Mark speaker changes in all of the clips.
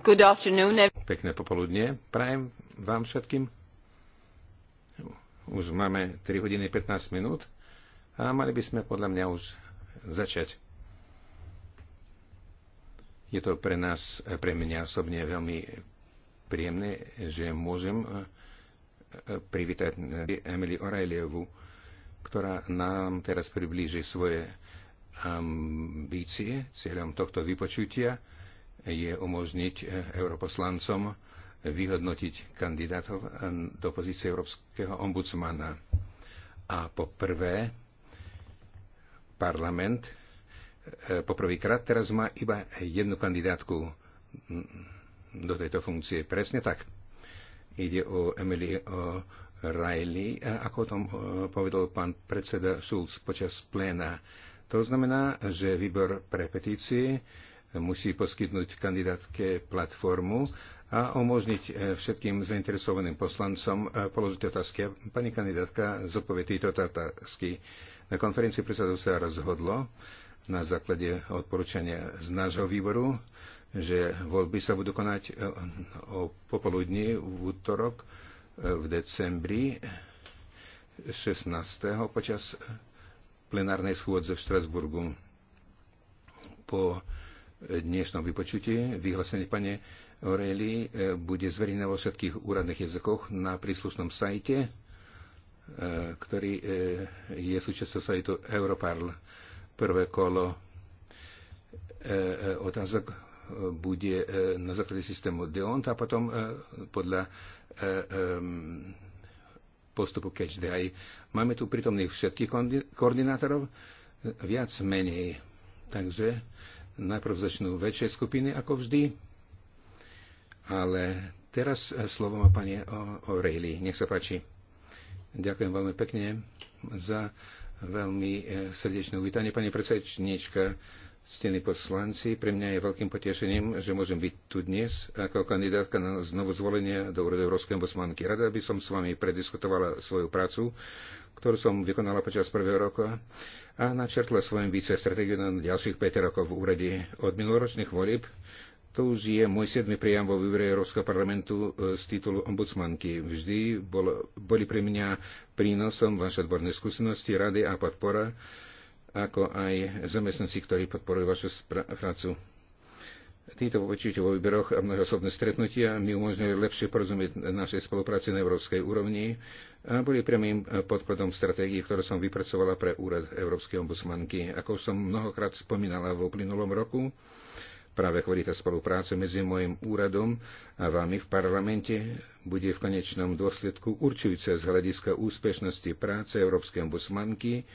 Speaker 1: Good afternoon.
Speaker 2: Pekné popoludne. Prajem vám všetkým. Už máme 3 hodiny 15 minút a mali by sme podľa mňa už začať. Je to pre nás, pre mňa osobne veľmi príjemné, že môžem eh, privítať Emily Orajlievu, ktorá nám teraz priblíži svoje eh, ambície cieľom tohto vypočutia je umožniť eh, europoslancom vyhodnotiť kandidátov eh, do pozície európskeho ombudsmana. A po prvé, parlament eh, poprvýkrát teraz má iba jednu kandidátku mm, do tejto funkcie. Presne tak. Ide o Emily o Riley, ako o tom povedal pán predseda Schulz počas pléna. To znamená, že výbor pre petície musí poskytnúť kandidátke platformu a umožniť eh, všetkým zainteresovaným poslancom eh, položiť otázky. Pani kandidátka zodpovie tieto otázky. Na konferencii predsedov sa rozhodlo na základe odporúčania z nášho výboru, že voľby sa budú konať eh, o popoludní v útorok v decembri 16. počas plenárnej schôdze v Štrasburgu. Po dnešnom vypočutí. Vyhlásenie pani Oreli eh, bude zverejné vo všetkých úradných jazykoch na príslušnom sajte, eh, ktorý eh, je súčasťou sajtu Europarl. Prvé kolo otázok bude na základe systému DEONT a potom podľa postupu Catch the Eye. Máme tu prítomných všetkých koordinátorov, viac menej. Takže Najprv začnú väčšie skupiny, ako vždy. Ale teraz eh, slovo má pani O'Reilly. Nech sa páči. Ďakujem veľmi pekne za veľmi eh, srdečné uvítanie. Pani predsedníčka, stení poslanci, pre mňa je veľkým potešením, že môžem byť tu dnes ako kandidátka na znovu zvolenie do Európskej ombudsmanky. Rada by som s vami prediskutovala svoju prácu ktorú som vykonala počas prvého roka a načrtla svojim více stratégiu na ďalších 5 rokov v úrade od minuloročných volieb. To už je môj siedmy priam vo výbore Európskeho parlamentu e, z titulu ombudsmanky. Vždy bol, boli pre mňa prínosom vaše odborné skúsenosti, rady a podpora, ako aj zamestnanci, ktorí podporujú vašu prácu. Týmto určite vo výberoch a osobné stretnutia mi umožňujú lepšie porozumieť našej spolupráci na európskej úrovni a boli priamým podkladom stratégií, ktoré som vypracovala pre úrad Európskej ombudsmanky. Ako som mnohokrát spomínala v uplynulom roku, práve kvôli tá spolupráce medzi môjim úradom a vami v parlamente bude v konečnom dôsledku určujúce z hľadiska úspešnosti práce Európskej ombudsmanky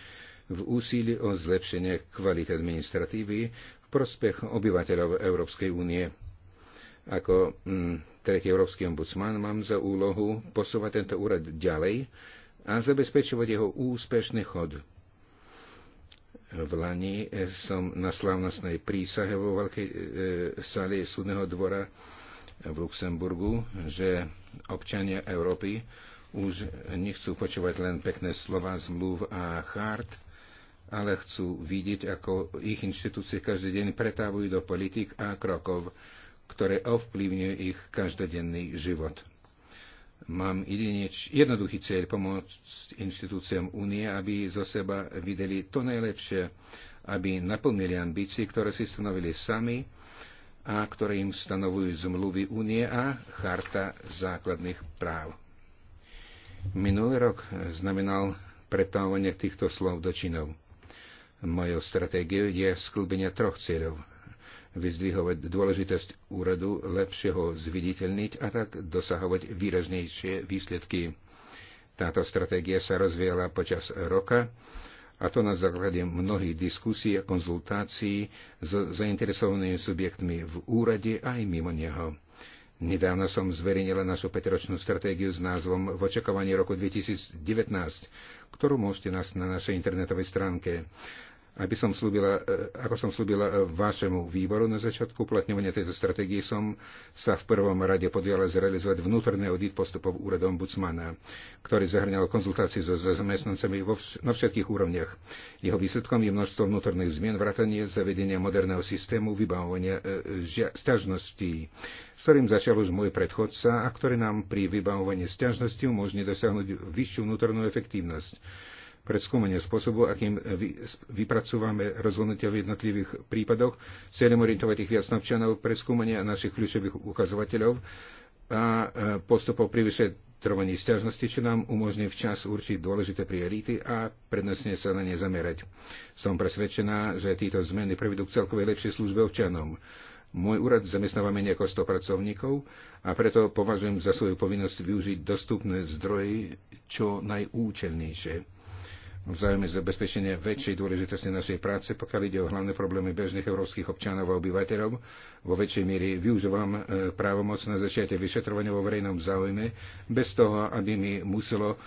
Speaker 2: v úsilí o zlepšenie kvality administratívy v prospech obyvateľov Európskej únie. Ako mm, tretí európsky ombudsman mám za úlohu posúvať tento úrad ďalej a zabezpečovať jeho úspešný chod. V Lani e, som na slavnostnej prísahe vo veľkej e, sale súdneho dvora v Luxemburgu, že občania Európy už nechcú počúvať len pekné slova zmluv a chart, ale chcú vidieť, ako ich inštitúcie každý deň pretávajú do politik a krokov, ktoré ovplyvňujú ich každodenný život. Mám jedineč, jednoduchý cieľ pomôcť inštitúciám únie, aby zo seba videli to najlepšie, aby naplnili ambície, ktoré si stanovili sami a ktoré im stanovujú zmluvy únie a charta základných práv. Minulý rok znamenal pretávanie týchto slov do činov. Mojou stratégiou je sklbenie troch cieľov. Vyzdvihovať dôležitosť úradu, lepšie ho zviditeľniť a tak dosahovať výraznejšie výsledky. Táto stratégia sa rozvíjala počas roka a to na základe mnohých diskusí a konzultácií s zainteresovanými subjektmi v úrade aj mimo neho. Nedávno som zverejnila našu petročnú stratégiu s názvom V očakávaní roku 2019, ktorú môžete nájsť na našej internetovej stránke aby som slúbila, e, ako som slúbila e, vášemu výboru na začiatku uplatňovania tejto stratégie, som sa v prvom rade podiala zrealizovať vnútorný audit postupov úradom ombudsmana, ktorý zahrňal konzultácie so zamestnancami vš- na všetkých úrovniach. Jeho výsledkom je množstvo vnútorných zmien, vrátanie zavedenia moderného systému vybavovania e, stiažností, s ktorým začal už môj predchodca a ktorý nám pri vybavovaní stiažností umožní dosiahnuť vyššiu vnútornú efektívnosť pre skúmanie spôsobu, akým e, vypracúvame rozhodnutia v jednotlivých prípadoch, cieľom orientovať ich viac na občanov pre skúmanie našich kľúčových ukazovateľov a e, postupov pri vyšetrovaní stiažnosti, čo nám umožní včas určiť dôležité priority a prednostne sa na ne zamerať. Som presvedčená, že títo zmeny prevedú k celkovej lepšej službe občanom. Môj úrad zamestnáva menej ako 100 pracovníkov a preto považujem za svoju povinnosť využiť dostupné zdroje čo najúčelnejšie vzájomné zabezpečenie väčšej dôležitosti našej práce, pokiaľ ide o hlavné problémy bežných európskych občanov a obyvateľov. Vo väčšej miery využívam e, právomoc na začiatie vyšetrovania vo verejnom záujme, bez toho, aby mi muselo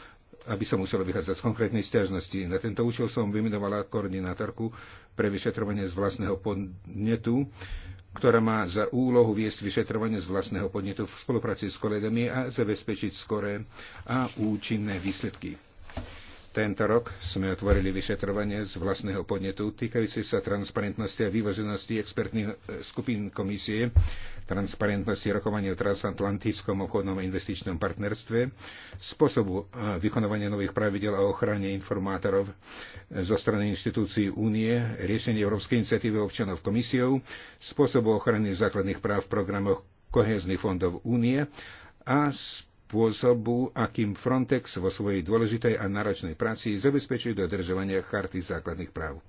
Speaker 2: aby som musel vychádzať z konkrétnej stiažnosti. Na tento účel som vymenovala koordinátorku pre vyšetrovanie z vlastného podnetu, ktorá má za úlohu viesť vyšetrovanie z vlastného podnetu v spolupráci s kolegami a zabezpečiť skoré a účinné výsledky. Tento rok sme otvorili vyšetrovanie z vlastného podnetu týkajúce sa transparentnosti a vyvoženosti expertných e, skupín komisie, transparentnosti rokovania o transatlantickom obchodnom a investičnom partnerstve, spôsobu e, vykonovania nových pravidel a ochrane informátorov e, zo strany inštitúcií únie, riešenie Európskej iniciatívy občanov komisiou, spôsobu ochrany základných práv v programoch kohezných fondov únie a spôsobu, akým Frontex vo svojej dôležitej a náročnej práci zabezpečuje dodržovanie charty základných práv.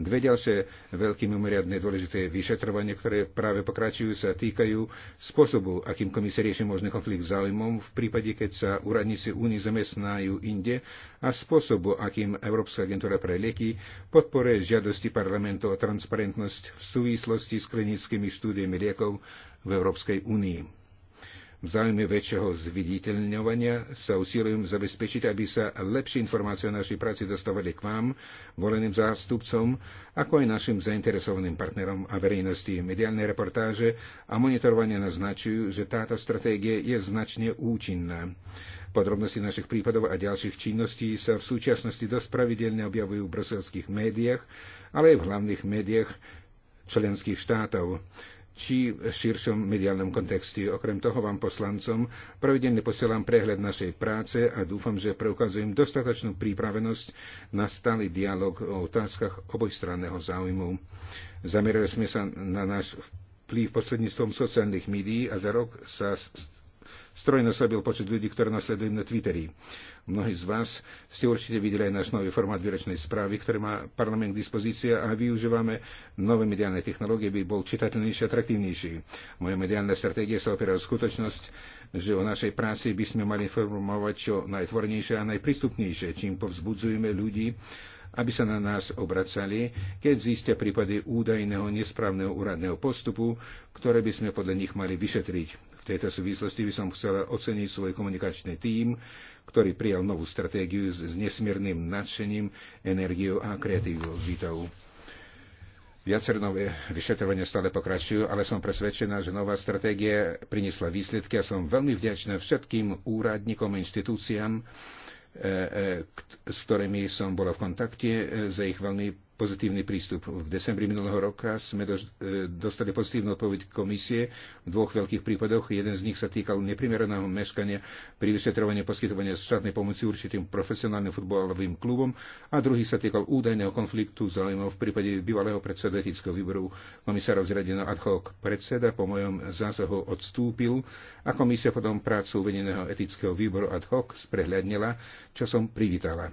Speaker 2: Dve ďalšie veľké mimoriadne dôležité vyšetrovanie, ktoré práve pokračujú, sa týkajú spôsobu, akým komisia rieši možný konflikt záujmov v prípade, keď sa úradníci únie zamestnajú inde a spôsobu, akým Európska agentúra pre lieky podporuje žiadosti parlamentu o transparentnosť v súvislosti s klinickými štúdiami liekov v Európskej únii. V záujme väčšieho zviditeľňovania sa usilujem zabezpečiť, aby sa lepšie informácie o našej práci dostávali k vám, voleným zástupcom, ako aj našim zainteresovaným partnerom a verejnosti. Mediálne reportáže a monitorovanie naznačujú, že táto stratégia je značne účinná. Podrobnosti našich prípadov a ďalších činností sa v súčasnosti dosť pravidelne objavujú v bruselských médiách, ale aj v hlavných médiách členských štátov či v širšom mediálnom kontexte. Okrem toho vám poslancom pravidelne posielam prehľad našej práce a dúfam, že preukazujem dostatočnú prípravenosť na stály dialog o otázkach obojstranného záujmu. Zamerali sme sa na náš vplyv posledníctvom sociálnych médií a za rok sa strojnásobil počet ľudí, ktoré nasledujú na Twitteri. Mnohí z vás ste určite videli aj náš nový formát výročnej správy, ktorý má parlament k dispozícii a využívame nové mediálne technológie, by bol čitateľnejší a atraktívnejší. Moja mediálna stratégia sa opiera o skutočnosť, že o našej práci by sme mali informovať čo najtvornejšie a najprístupnejšie, čím povzbudzujeme ľudí, aby sa na nás obracali, keď zistia prípady údajného nesprávneho úradného postupu, ktoré by sme podľa nich mali vyšetriť. V tejto súvislosti by som chcela oceniť svoj komunikačný tím, ktorý prijal novú stratégiu s nesmiernym nadšením, energiou a kreativitou. Viacer nové vyšetrovania stále pokračujú, ale som presvedčená, že nová stratégia priniesla výsledky a som veľmi vďačná všetkým úradníkom a inštitúciám, e, e, s ktorými som bola v kontakte e, za ich veľmi pozitívny prístup. V decembri minulého roka sme e, dostali pozitívnu odpoveď komisie v dvoch veľkých prípadoch. Jeden z nich sa týkal neprimeraného meškania pri vyšetrovaní poskytovania štátnej pomoci určitým profesionálnym futbalovým klubom a druhý sa týkal údajného konfliktu záujmov v prípade bývalého predseda etického výboru komisárov zradeného ad hoc. Predseda po mojom zásahu odstúpil a komisia potom prácu uvedeného etického výboru ad hoc sprehľadnila, čo som privítala.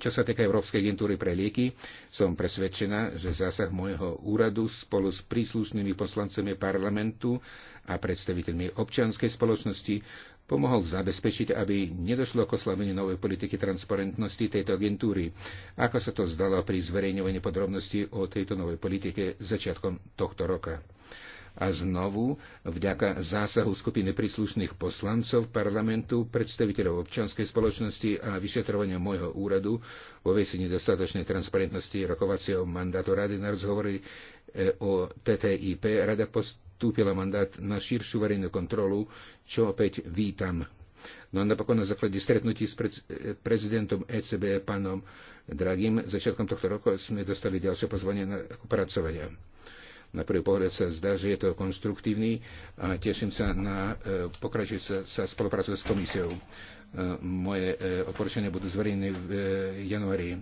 Speaker 2: Čo sa týka Európskej agentúry pre lieky, som presvedčená, že zásah môjho úradu spolu s príslušnými poslancami parlamentu a predstaviteľmi občianskej spoločnosti pomohol zabezpečiť, aby nedošlo k oslaveniu novej politiky transparentnosti tejto agentúry, ako sa to zdalo pri zverejňovaní podrobností o tejto novej politike začiatkom tohto roka a znovu vďaka zásahu skupiny príslušných poslancov parlamentu, predstaviteľov občianskej spoločnosti a vyšetrovania môjho úradu vo veci nedostatočnej transparentnosti rokovacieho mandátu Rady na rozhovory e, o TTIP Rada postúpila mandát na širšiu verejnú kontrolu, čo opäť vítam. No a napokon na základe stretnutí s e, prezidentom ECB pánom Dragim začiatkom tohto roku sme dostali ďalšie pozvanie na, pracovanie. Na prvý pohľad sa zdá, že je to konstruktívny a teším sa na e, pokračujúce sa spoluprácu s komisiou. E, moje e, odporúčania budú zverejnené v januári.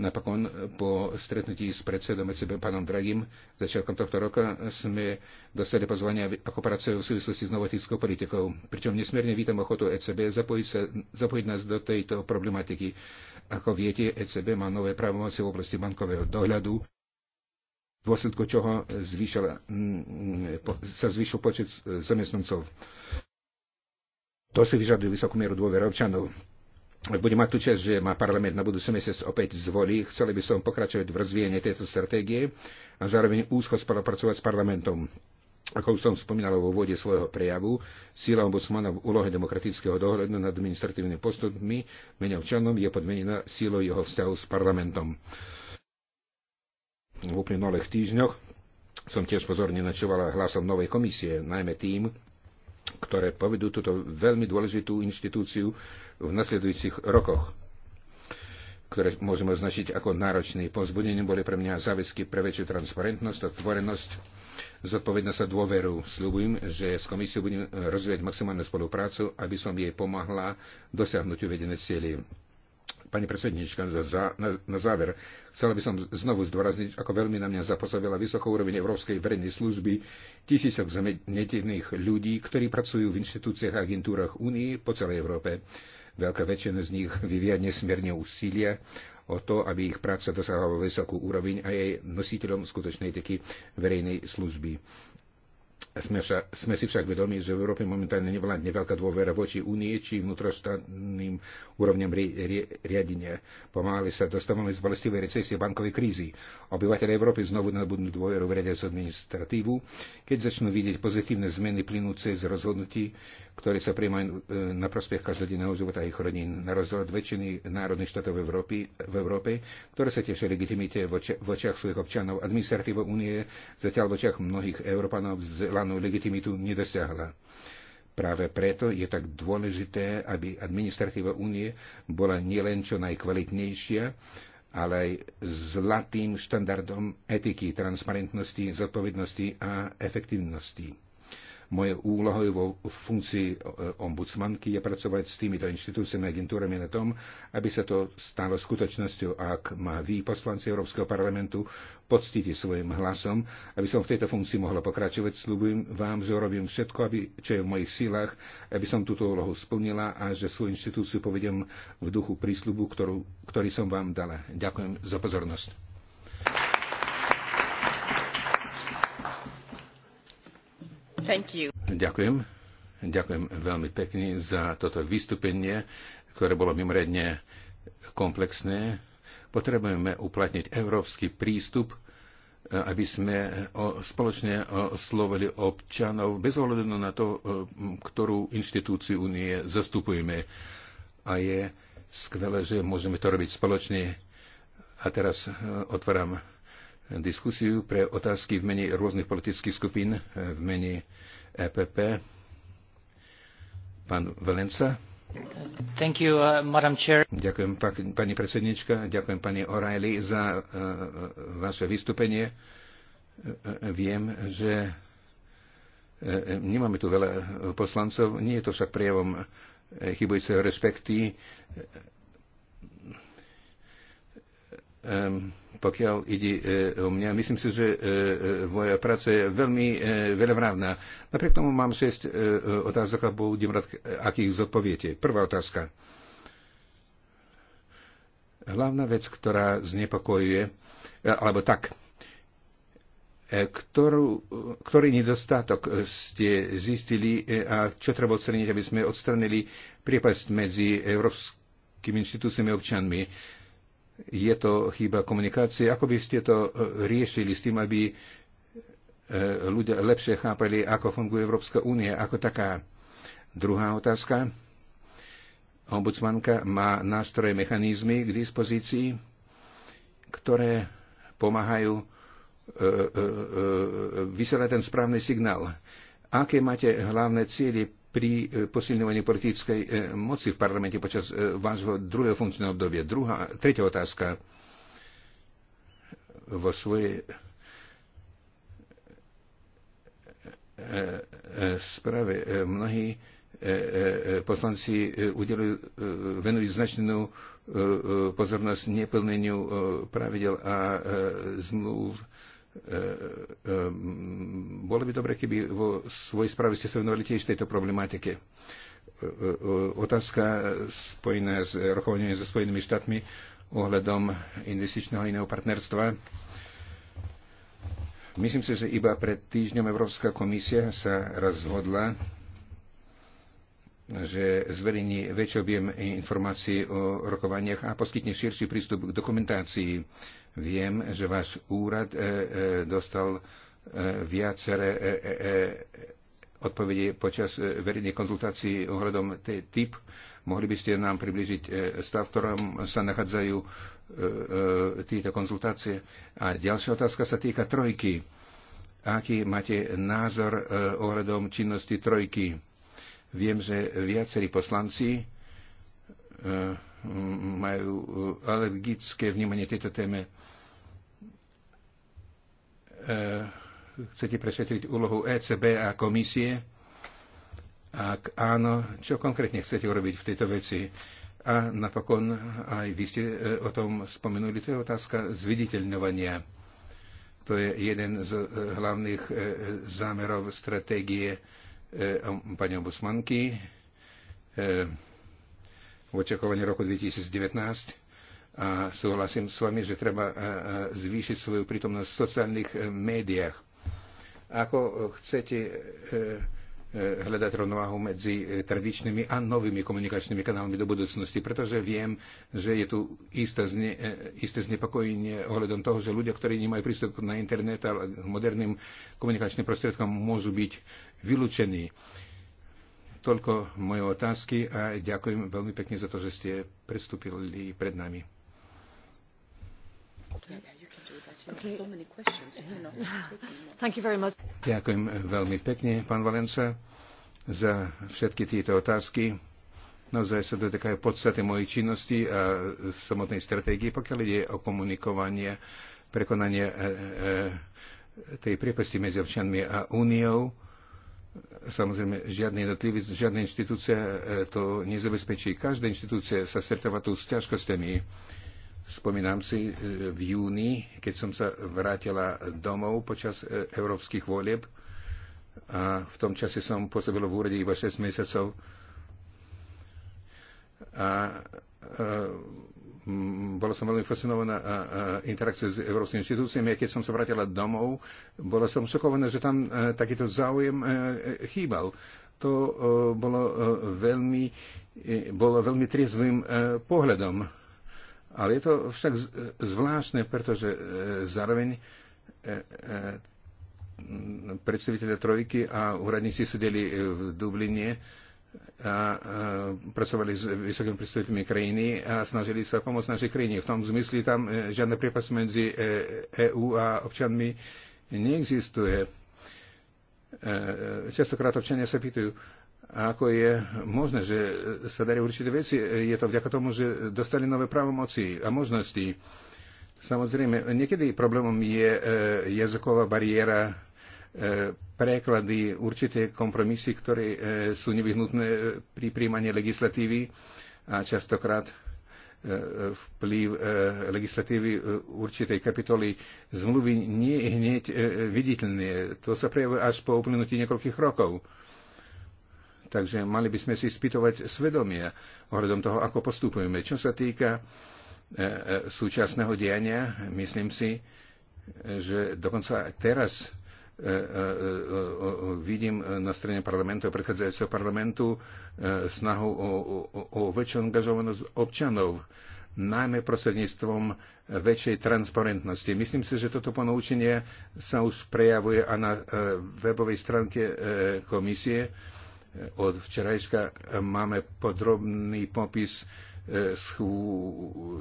Speaker 2: Napokon po stretnutí s predsedom ECB pánom Dragim začiatkom tohto roka sme dostali pozvanie ako pracujú v súvislosti s novotickou politikou. Pričom nesmierne vítam ochotu ECB zapojiť, sa, zapojiť nás do tejto problematiky. Ako viete, ECB má nové právomoci v oblasti bankového dohľadu v dôsledku čoho zvýšila, mm, sa zvýšil počet e, zamestnancov. To si vyžaduje vysokú mieru dôvery občanov. Budem mať tú čest, že ma parlament na budúci mesiac opäť zvolí. Chceli by som pokračovať v rozvíjení tejto stratégie a zároveň úzko spolupracovať s parlamentom. Ako už som spomínal vo vode svojho prejavu, síla ombudsmana v úlohe demokratického dohľadu nad administratívnymi postupmi menej občanom je podmenená sílou jeho vzťahu s parlamentom v uplynulých týždňoch som tiež pozorne načoval hlasom novej komisie, najmä tým, ktoré povedú túto veľmi dôležitú inštitúciu v nasledujúcich rokoch ktoré môžeme označiť ako náročný. Pozbudením boli pre mňa záväzky pre väčšiu transparentnosť, otvorenosť, zodpovednosť a dôveru. Sľubujem, že s komisiou budem rozvíjať maximálnu spoluprácu, aby som jej pomohla dosiahnuť uvedené cieľy pani predsednička, za, za, na, na záver. Chcela by som znovu zdôrazniť, ako veľmi na mňa zapôsobila vysoká úroveň Európskej verejnej služby tisícok zametených ľudí, ktorí pracujú v inštitúciách a agentúrach Únie po celej Európe. Veľká väčšina z nich vyvíja nesmierne úsilia o to, aby ich práca dosahovala vysokú úroveň a jej nositeľom skutočnej taky verejnej služby sme, sme si však vedomi, že v Európe momentálne nevládne veľká dôvera voči únie či vnútroštátnym úrovňam ri, ri, riadenia. Pomaly sa dostávame z bolestivej recesie bankovej krízy. Obyvateľe Európy znovu nabudnú dôveru v riadiacu administratívu, keď začnú vidieť pozitívne zmeny plynúce z rozhodnutí, ktoré sa príjmajú e, na prospech každodenného života ich rodín, na rozdiel od väčšiny národných štátov v Európe, ktoré sa tešia legitimite v, očiach svojich občanov. Administratíva únie zatiaľ v očiach mnohých Európanov z želanú legitimitu nedosiahla. Práve preto je tak dôležité, aby administratíva únie bola nielen čo najkvalitnejšia, ale aj zlatým štandardom etiky, transparentnosti, zodpovednosti a efektívnosti. Moje úlohou vo funkcii e, ombudsmanky je pracovať s týmito inštitúciami a agentúrami na tom, aby sa to stalo skutočnosťou, ak má vy, poslanci Európskeho parlamentu, poctíte svojim hlasom, aby som v tejto funkcii mohla pokračovať. Slúbujem vám, že robím všetko, aby, čo je v mojich sílach, aby som túto úlohu splnila a že svoju inštitúciu povedem v duchu prísľubu, ktorú, ktorý som vám dala. Ďakujem za pozornosť. Thank you. Ďakujem. Ďakujem veľmi pekne za toto vystúpenie, ktoré bolo mimoriadne komplexné. Potrebujeme uplatniť európsky prístup, e, aby sme spoločne oslovili e, občanov bez ohľadu na to, e, ktorú inštitúciu únie zastupujeme. A je skvelé, že môžeme to robiť spoločne. A teraz otváram diskusiu pre otázky v mene rôznych politických skupín, eh, v mene EPP. Pán Valenca. Thank you, uh, Madam Chair. Ďakujem, pani predsednička, ďakujem pani O'Reilly za uh, vaše vystúpenie. Viem, že nemáme tu veľa poslancov, nie je to však prejavom chybujúceho respekty. Um, pokiaľ ide e, o mňa. Myslím si, že e, e, moja práca je veľmi veľavrávna. Napriek tomu mám 6 otázok a budem rád, akých zodpoviete. Prvá otázka. Hlavná vec, ktorá znepokojuje, alebo tak, ktorú, ktorý nedostatok ste zistili a čo treba odstraniť, aby sme odstranili priepasť medzi európskymi inštitúciami a občanmi. Je to chyba komunikácie. Ako by ste to e, riešili s tým, aby e, ľudia lepšie chápali, ako funguje Európska únia ako taká? Druhá otázka. Ombudsmanka má nástroje, mechanizmy k dispozícii, ktoré pomáhajú e, vysielať ten správny signál. Aké máte hlavné cieľe pri e, posilňovaní politickej e, moci v parlamente počas e, vášho druhého funkčného obdobia. Druhá, tretia otázka. Vo svojej správe mnohí poslanci udelujú, venujú značnú pozornosť neplneniu pravidel a zmluv E, e, bolo by dobre, keby vo svojej správe ste sa venovali tiež tejto problematike. E, otázka spojená s rokovaním so Spojenými štátmi ohľadom investičného iného partnerstva. Myslím si, že iba pred týždňom Európska komisia sa rozhodla že zverejní väčší objem informácií o rokovaniach a poskytne širší prístup k dokumentácii. Viem, že váš úrad e, e, dostal e, viaceré odpovede počas verejnej konzultácií ohľadom typ. Mohli by ste nám približiť stav, v ktorom sa nachádzajú tieto konzultácie? A ďalšia otázka sa týka trojky. Aký máte názor ohľadom činnosti trojky? Viem, že viacerí poslanci eh, majú eh, alergické vnímanie tejto téme. Eh, chcete prešetriť úlohu ECB a komisie? Ak áno, čo konkrétne chcete urobiť v tejto veci? A napokon aj vy ste o tom spomenuli, to je otázka zviditeľňovania. To je jeden z hlavných zámerov stratégie Eh, pani obusmanky eh, v očakovaní roku 2019 a súhlasím s vami, že treba eh, zvýšiť svoju prítomnosť v sociálnych médiách. Ako chcete Eh, hľadať rovnováhu medzi eh, tradičnými a novými komunikačnými kanálmi do budúcnosti, pretože viem, že je tu isté, zne, eh, isté znepokojenie ohľadom toho, že ľudia, ktorí nemajú prístup na internet a k moderným komunikačným prostriedkom, môžu byť vylúčení. Toľko moje otázky a ďakujem veľmi pekne za to, že ste predstúpili pred nami. Yeah, Ďakujem veľmi pekne, pán Valenca, za všetky tieto otázky. Naozaj sa dotýkajú podstaty mojej činnosti a samotnej stratégie, pokiaľ ide o komunikovanie, prekonanie e, e, tej priepasti medzi občanmi a úniou. Samozrejme, žiadny jednotlivec, žiadna inštitúcia e, to nezabezpečí. Každá inštitúcia sa stretáva tu s ťažkosťami Spomínam si e, v júni, keď som sa vrátila domov počas e, európskych volieb a v tom čase som pôsobila v úrade iba 6 mesiacov a e, bola som veľmi fascinovaná interakciou s európskymi inštitúciami a keď som sa vrátila domov, bola som šokovaná, že tam takýto záujem chýbal. To bolo veľmi, bolo veľmi triezvým pohľadom ale je to však zvláštne, pretože e, zároveň e, e, predstaviteľe trojky a úradníci sedeli v Dubline a pracovali s vysokými predstaviteľmi krajiny a snažili sa pomôcť našej krajine. V tom zmysle tam žiadna priepas medzi EÚ a občanmi neexistuje. Častokrát občania sa pýtajú, ako je možné, že sa darí určité veci. Je to vďaka tomu, že dostali nové právomoci a možnosti. Samozrejme, niekedy problémom je e, jazyková bariéra, e, preklady, určité kompromisy, ktoré e, sú nevyhnutné pri príjmaní legislatívy a častokrát vplyv legislatívy určitej kapitoly zmluvy nie je hneď viditeľné. To sa prejavuje až po uplynutí niekoľkých rokov. Takže mali by sme si spýtovať svedomie ohľadom toho, ako postupujeme. Čo sa týka e, e, súčasného diania, myslím si, že dokonca teraz e, vidím na strane parlamentu, predchádzajúceho parlamentu, snahu o, o, o väčšiu angažovanosť občanov, najmä prostredníctvom väčšej transparentnosti. Myslím si, že toto ponaučenie sa už prejavuje a na webovej stránke komisie od včerajška máme podrobný popis e,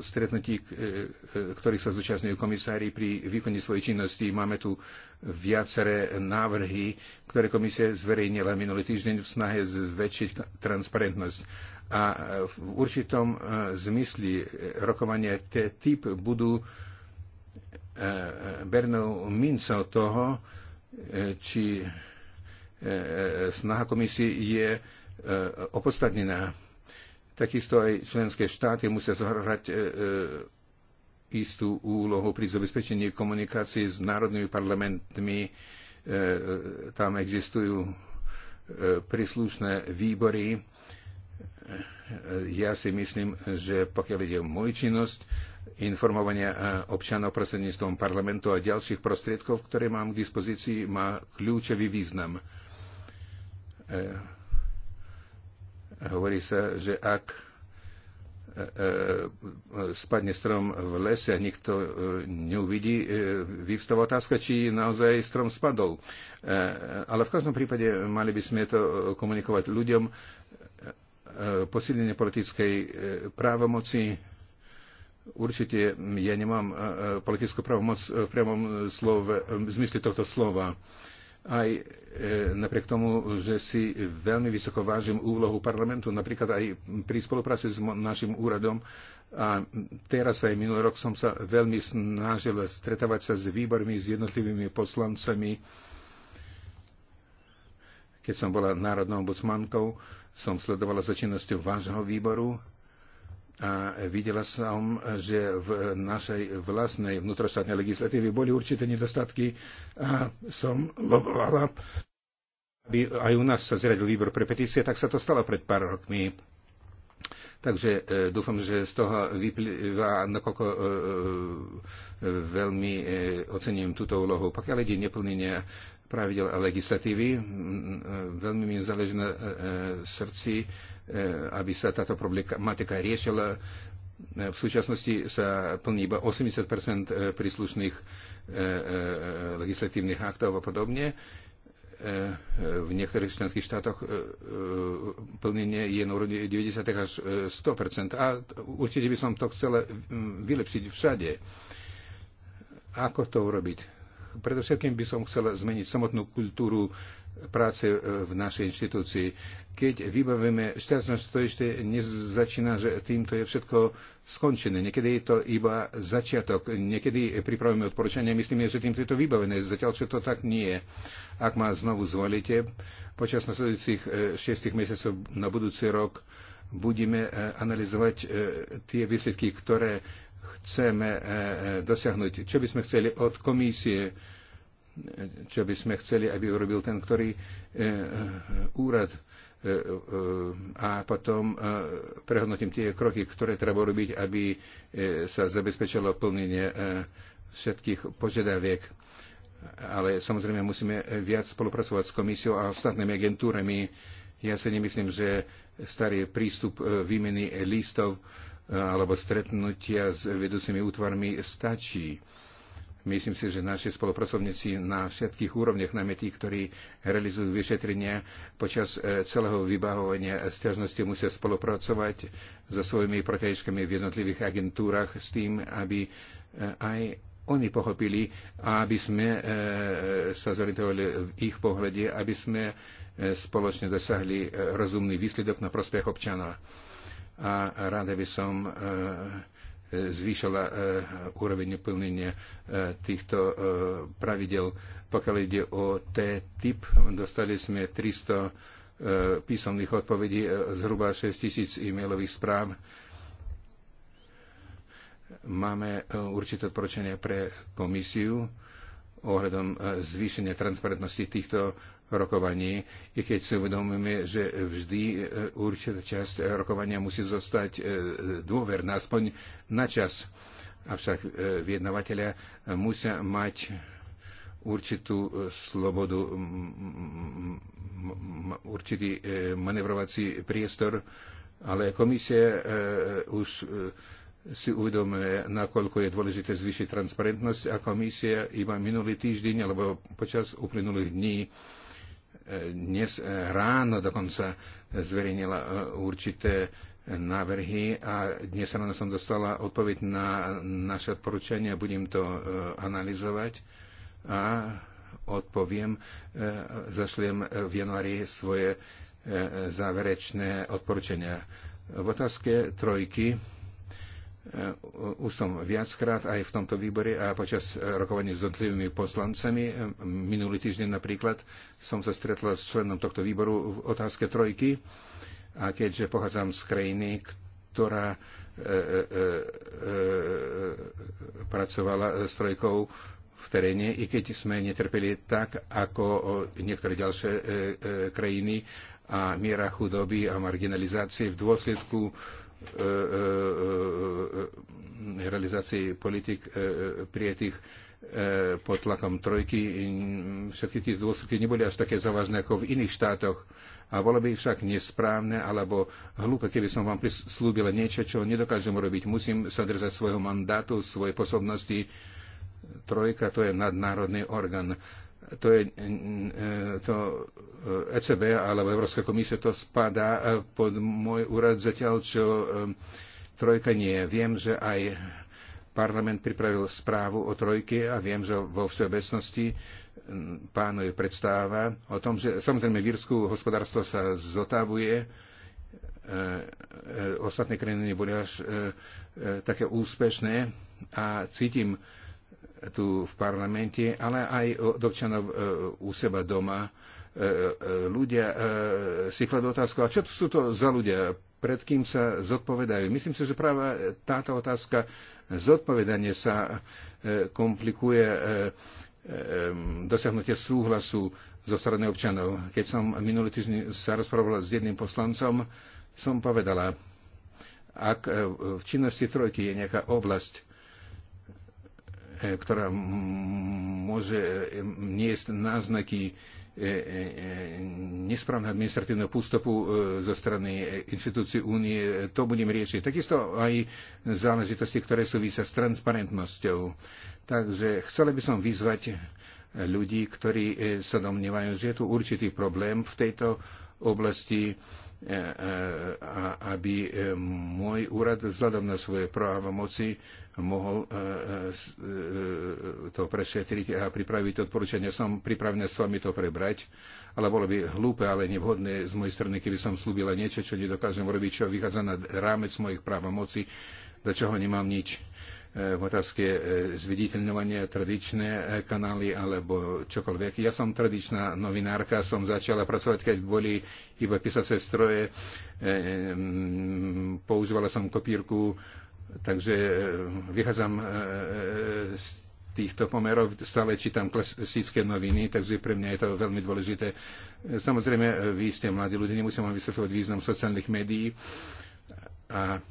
Speaker 2: stretnutí, e, ktorých sa zúčastňujú komisári pri výkone svojej činnosti. Máme tu viaceré návrhy, ktoré komisie zverejnila minulý týždeň v snahe zväčšiť transparentnosť. A v určitom e, zmysli rokovania TTIP budú bernou mincou toho, či E, e, snaha komisie je e, opodstatnená. Takisto aj členské štáty musia zohrať istú úlohu pri zabezpečení komunikácie s národnými parlamentmi. Tam existujú príslušné výbory. Ja si myslím, že pokiaľ ide o moju činnosť, informovania občanov prostredníctvom parlamentu a ďalších prostriedkov, ktoré mám k dispozícii, má kľúčový význam Eh, eh, hovorí sa, že ak eh, spadne strom v lese a nikto neuvidí, vyvstáva otázka, či naozaj strom spadol. Ale v každom prípade mali by sme to komunikovať ľuďom, posilnenie politickej právomoci. Určite ja nemám politickú právomoc v priamom zmysle tohto slova aj e, napriek tomu, že si veľmi vysoko vážim úlohu parlamentu, napríklad aj pri spolupráci s našim úradom. A teraz aj minulý rok som sa veľmi snažil stretávať sa s výbormi, s jednotlivými poslancami. Keď som bola národnou ombudsmankou, som sledovala za činnosťou vášho výboru a videla som, že v našej vlastnej vnútroštátnej legislatíve boli určité nedostatky a som lobovala, aby aj u nás sa zriadil výbor pre petície, tak sa to stalo pred pár rokmi. Takže e, dúfam, že z toho vyplýva, nakoľko e, e, veľmi ocením túto úlohu. Pokiaľ ide neplnenie pravidel a legislatívy, veľmi mi záleží na srdci, aby sa táto problematika riešila v súčasnosti sa plní iba 80 príslušných legislatívnych aktov a podobne v niektorých členských štátoch e, e, plnenie je na úrovni 90 až 100 e, A určite by som to chcel mm, vylepšiť všade. Ako to urobiť? Predovšetkým by som chcel zmeniť samotnú kultúru práce e, v našej inštitúcii. Keď vybavíme šťastnosť, to ešte nezačína, že týmto je všetko skončené. Niekedy je to iba začiatok. Niekedy pripravíme odporúčania, myslíme, že týmto je to vybavené. Zatiaľ, čo to tak nie je. Ak ma znovu zvolíte, počas nasledujúcich e, šiestich mesiacov na budúci rok budeme e, analyzovať tie výsledky, ktoré chceme e, e, dosiahnuť, čo by sme chceli od komisie, čo by sme chceli, aby urobil ten, ktorý e, úrad a potom prehodnotím tie kroky, ktoré treba robiť, aby sa zabezpečilo plnenie všetkých požiadaviek. Ale samozrejme musíme viac spolupracovať s komisiou a ostatnými agentúrami. Ja si nemyslím, že starý prístup výmeny listov alebo stretnutia s vedúcimi útvarmi stačí. Myslím si, že naši spolupracovníci na všetkých úrovniach, najmä tí, ktorí realizujú vyšetrenia, počas e, celého vybavovania stiažnosti musia spolupracovať so svojimi protiažkami v jednotlivých agentúrach s tým, aby e, aj oni pochopili, aby sme e, sa zorientovali v ich pohľade, aby sme spoločne dosahli rozumný výsledok na prospech občana a rada by som e, zvýšila e, úroveň uplnenia e, týchto pravidel. Pokiaľ ide o T-typ, dostali sme 300 písomných odpovedí, zhruba 6 tisíc e-mailových správ. Máme určité odporúčania pre komisiu ohľadom zvýšenia transparentnosti týchto rokovaní, i keď si uvedomíme, že vždy e, určitá časť e, rokovania musí zostať e, dôverná, aspoň na čas. Avšak vyjednavateľia musia mať určitú slobodu, určitý manevrovací priestor, ale komisia už si uvedomuje, nakoľko je dôležité zvýšiť transparentnosť a komisia iba minulý týždeň alebo počas uplynulých dní dnes ráno dokonca zverejnila e, určité e, návrhy a dnes ráno som dostala odpoveď na naše odporúčania, budem to e, analyzovať a odpoviem, zašliem v januári svoje záverečné odporúčania. V otázke trojky Eh, už som viackrát aj v tomto výbore a počas rokovania s jednotlivými poslancami, eh, minulý týždeň napríklad, som sa stretla s členom tohto výboru v otázke trojky a keďže pochádzam z krajiny, ktorá e, e, e, pracovala s trojkou v teréne, i keď sme netrpeli tak, ako niektoré ďalšie e, e, krajiny a miera chudoby a marginalizácie v dôsledku e, E, e, e, realizácii politik prijetých pod tlakom trojky. Všetky tie dôsledky neboli až také závažné ako v iných štátoch. A bolo by však nesprávne alebo hlúpe, keby som vám prislúbil niečo, čo nedokážem robiť. Musím sa držať svojho mandátu, svojej posobnosti. Trojka to je nadnárodný orgán to je to ECB e alebo Európska komisia, to spadá e, pod môj úrad zatiaľ, čo e, trojka nie. Viem, že aj parlament pripravil správu o trojke a viem, že vo všeobecnosti pánuje predstáva o tom, že samozrejme v hospodárstvo sa zotávuje, ostatné krajiny boli až také úspešné a cítim tu v parlamente, ale aj od občanov e, u seba doma. E, e, ľudia si kladú otázku, a čo sú to za ľudia, pred kým sa zodpovedajú. Myslím si, že práve táto otázka zodpovedanie sa komplikuje dosiahnutie súhlasu zo strany občanov. Keď som minulý týždeň sa rozprával s jedným poslancom, som povedala, ak v činnosti trojky je nejaká oblasť, E, ktorá môže e, niesť náznaky e, nesprávne administratívneho postupu zo strany inštitúcií únie, to budem riešiť. Takisto aj záležitosti, ktoré súvisia s transparentnosťou. Takže chceli by som vyzvať ľudí, ktorí sa domnievajú, že je tu určitý problém v tejto oblasti E, e, aby e, môj úrad vzhľadom na svoje právomoci mohol to prešetriť a pripraviť odporúčania. Som pripravený s vami to prebrať, ale bolo by hlúpe, ale nevhodné z mojej strany, keby som slúbila niečo, čo nedokážem robiť, čo vychádza na rámec mojich moci, do čoho nemám nič v otázke e, zviditeľňovania tradičné e, kanály alebo čokoľvek. Ja som tradičná novinárka, som začala pracovať, keď boli iba písacie stroje. E, mm, používala som kopírku, takže vychádzam z týchto pomerov. Stále čítam klasické noviny, takže pre mňa je to veľmi dôležité. Samozrejme, vy ste mladí ľudia, nemusím vám vysvetľovať význam sociálnych médií. A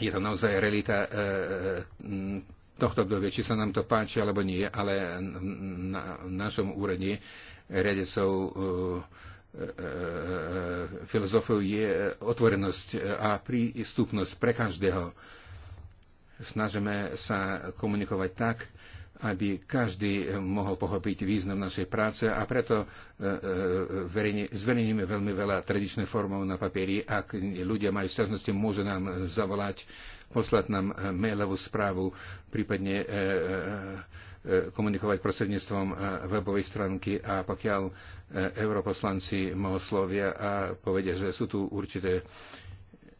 Speaker 2: je to naozaj realita e, e, tohto obdobia, či sa nám to páči alebo nie, ale na našom úrade riadecov e, filozofov je otvorenosť a prístupnosť pre každého. Snažíme sa komunikovať tak, aby každý eh, mohol pochopiť význam našej práce a preto eh, eh, zverejníme veľmi veľa tradičných formov na papieri. Ak ľudia majú sťažnosti, môžu nám zavolať, poslať nám mailovú správu, prípadne komunikovať prostredníctvom webovej stránky a pokiaľ europoslanci mohoslovia a povedia, že sú tu určité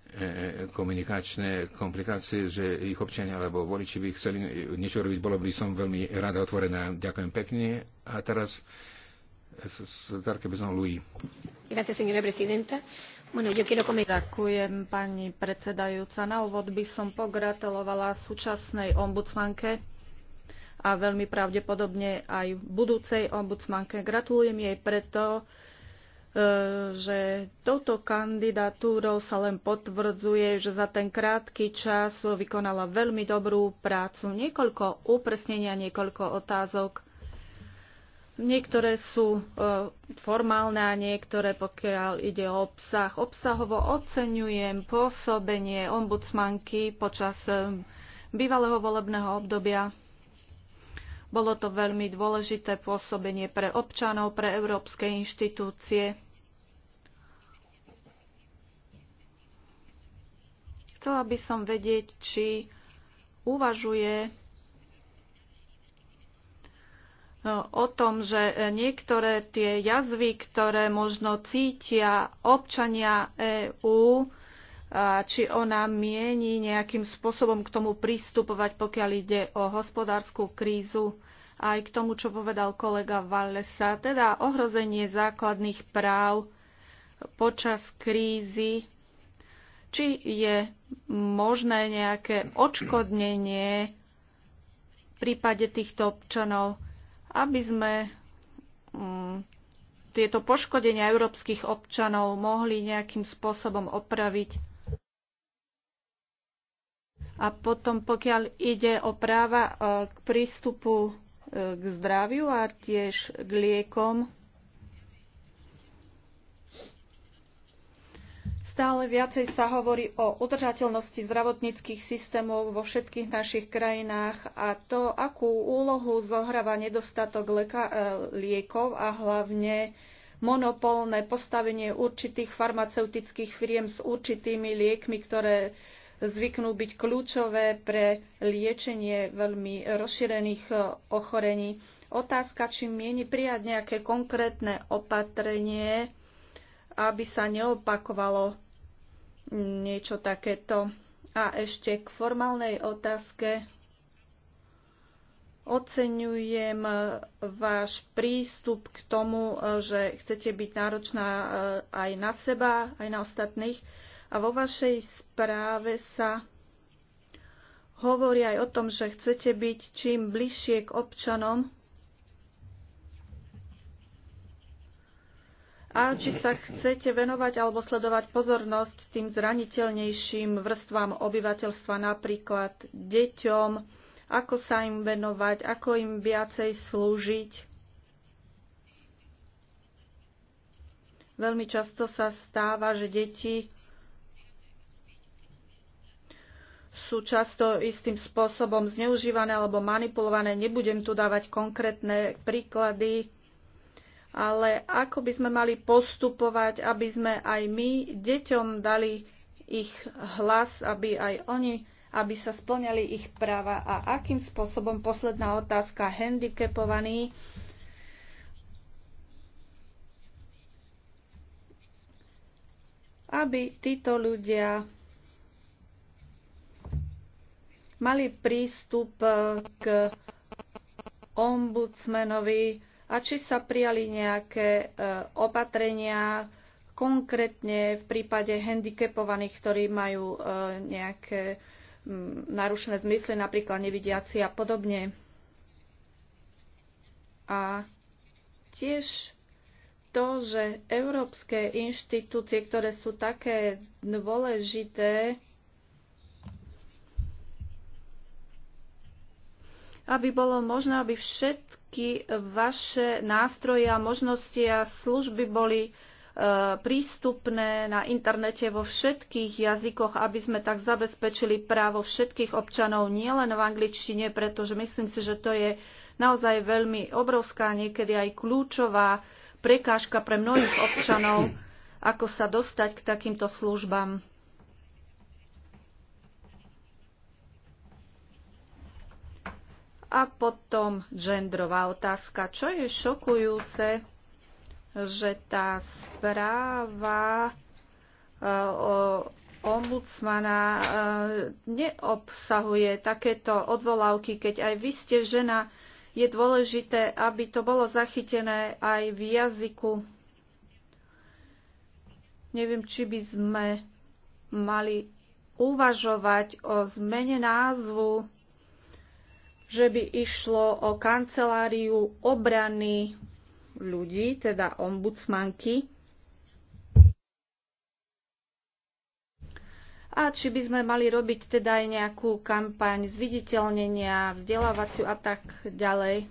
Speaker 2: E, e, komunikačné komplikácie, že ich občania alebo voliči by chceli niečo robiť, bolo by som veľmi rada otvorená. Ďakujem pekne. A teraz Darke Louis.
Speaker 1: presidenta. Ďakujem, pani predsedajúca. Na úvod by som pogratulovala súčasnej ombudsmanke a veľmi pravdepodobne aj budúcej ombudsmanke. Gratulujem jej preto, E, že touto kandidatúrou sa len potvrdzuje, že za ten krátky čas vykonala veľmi dobrú prácu. Niekoľko upresnenia, niekoľko otázok. Niektoré sú e, formálne a niektoré, pokiaľ ide o obsah. Obsahovo oceňujem pôsobenie ombudsmanky počas e, bývalého volebného obdobia. Bolo to veľmi dôležité pôsobenie pre občanov, pre európske inštitúcie Chcela by som vedieť, či uvažuje e, o tom, že niektoré tie jazvy, ktoré možno cítia občania EÚ, či ona mieni nejakým spôsobom k tomu pristupovať, pokiaľ ide o hospodárskú krízu, aj k tomu, čo povedal kolega Vallesa, teda ohrozenie základných práv počas krízy či je možné nejaké odškodnenie v prípade týchto občanov, aby sme um, tieto poškodenia európskych občanov mohli nejakým spôsobom opraviť. A potom, pokiaľ ide o práva e, k prístupu e, k zdraviu a tiež k liekom, Stále viacej sa hovorí o udržateľnosti zdravotníckých systémov vo všetkých našich krajinách a to, akú úlohu zohráva nedostatok leka- e, liekov a hlavne monopolné postavenie určitých farmaceutických firiem s určitými liekmi, ktoré zvyknú byť kľúčové pre liečenie veľmi rozšírených e, ochorení. Otázka, či mieni prijať nejaké konkrétne opatrenie, aby sa neopakovalo niečo takéto. A ešte k formálnej otázke. Oceňujem e, váš prístup k tomu, e, že chcete byť náročná e, aj na seba, aj na ostatných. A vo vašej správe sa hovorí aj o tom, že chcete byť čím bližšie k občanom a či sa chcete venovať alebo sledovať pozornosť tým zraniteľnejším vrstvám obyvateľstva, napríklad deťom, ako sa im venovať, ako im viacej slúžiť. Veľmi často sa stáva, že deti sú často istým spôsobom zneužívané alebo manipulované. Nebudem tu dávať konkrétne príklady ale ako by sme mali postupovať, aby sme aj my deťom dali ich hlas, aby aj oni, aby sa splňali ich práva a akým spôsobom, posledná otázka, handicapovaní, aby títo ľudia mali prístup k ombudsmanovi, a či sa prijali nejaké e, opatrenia konkrétne v prípade handicapovaných, ktorí majú e, nejaké narušené zmysly, napríklad nevidiaci a podobne. A tiež to, že európske inštitúcie, ktoré sú také dôležité, aby bolo možné, aby všetko všetky vaše nástroje a možnosti a služby boli e, prístupné na internete vo všetkých jazykoch, aby sme tak zabezpečili právo všetkých občanov, nielen v angličtine, pretože myslím si, že to je naozaj veľmi obrovská, niekedy aj kľúčová prekážka pre mnohých občanov, ako sa dostať k takýmto službám. A potom genderová otázka. Čo je šokujúce, že tá správa eh, o ombudsmana eh, neobsahuje takéto odvolávky, keď aj vy ste žena. Je dôležité, aby to bolo zachytené aj v jazyku. Neviem, či by sme mali uvažovať o zmene názvu že by išlo o kanceláriu obrany ľudí, teda ombudsmanky. A či by sme mali robiť teda aj nejakú kampaň zviditeľnenia, vzdelávaciu a tak ďalej.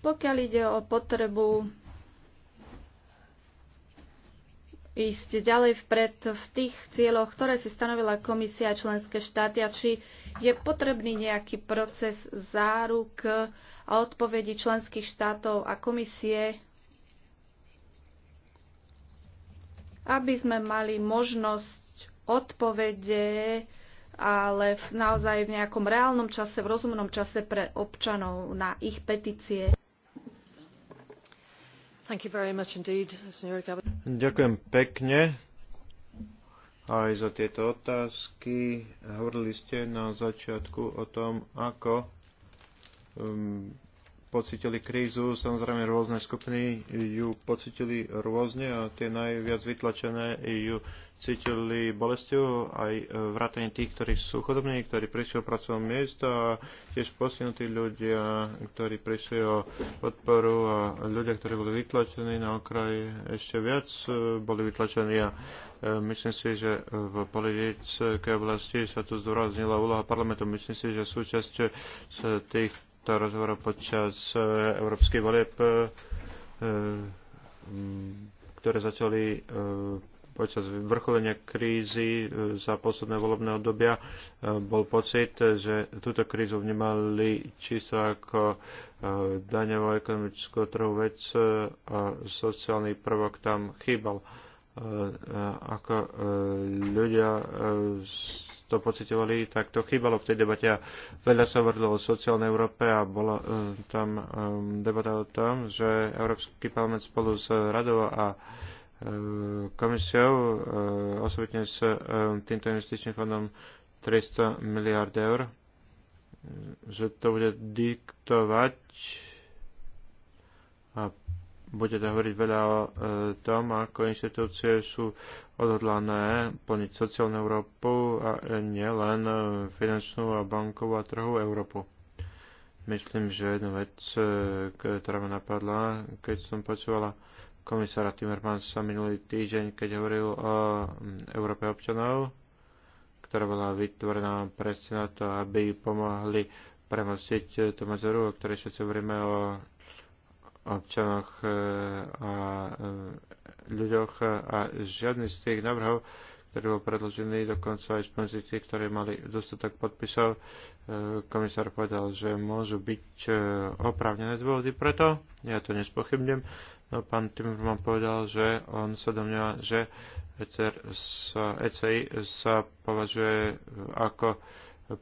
Speaker 1: Pokiaľ ide o potrebu ísť ďalej vpred v tých cieľoch, ktoré si stanovila komisia a členské štáty a či je potrebný nejaký proces záruk a odpovedí členských štátov a komisie, aby sme mali možnosť odpovede, ale naozaj v nejakom reálnom čase, v rozumnom čase pre občanov na ich petície.
Speaker 3: Ďakujem pekne aj za tieto otázky. Hovorili ste na začiatku o tom, ako um, pocitili krízu. Samozrejme, rôzne skupiny ju pocitili rôzne a tie najviac vytlačené ju cítili bolestiu, aj e, vrátane tých, ktorí sú chodobní, ktorí prišli o pracovné miesto a tiež postihnutí ľudia, ktorí prišli o podporu a ľudia, ktorí boli vytlačení na okraj ešte viac, e, boli vytlačení a e, myslím si, že v politickej oblasti sa tu zdôraznila úloha parlamentu. Myslím si, že súčasť z týchto rozhovorov počas európskej volieb ktoré začali počas vrcholenia krízy e, za posledné volebné obdobia e, bol pocit, že túto krízu vnímali čisto ako e, daňovú ekonomickú trhu vec a sociálny prvok tam chýbal. Ako ľudia to pocitovali, tak to chýbalo v tej debate. Veľa sa hovorilo o sociálnej Európe a bola tam debata o tom, že Európsky parlament spolu s Radovou a Ehm, komisiou, ehm, osobitne s ehm, týmto investičným fondom 300 miliard eur, že to bude diktovať a budete hovoriť veľa o tom, ako inštitúcie sú odhodlané plniť sociálnu Európu a nielen finančnú a bankovú a trhu Európu. Myslím, že jedna vec, ktorá ma napadla, keď som počúvala komisára Timmermansa minulý týždeň, keď hovoril o mm, Európe občanov, ktorá bola vytvorená presne na to, aby pomohli premostiť e, tú mazoru, o ktorej všetci hovoríme o občanoch e, a e, ľuďoch a žiadny z tých návrhov, ktorý bol predložený, dokonca aj z pozícií, ktoré mali dostatok podpisov, komisár povedal, že môžu byť oprávnené dôvody preto, ja to nespochybnem, No, pán Timmerman povedal, že on sa domnieva, že ECR sa, ECI sa považuje e, ako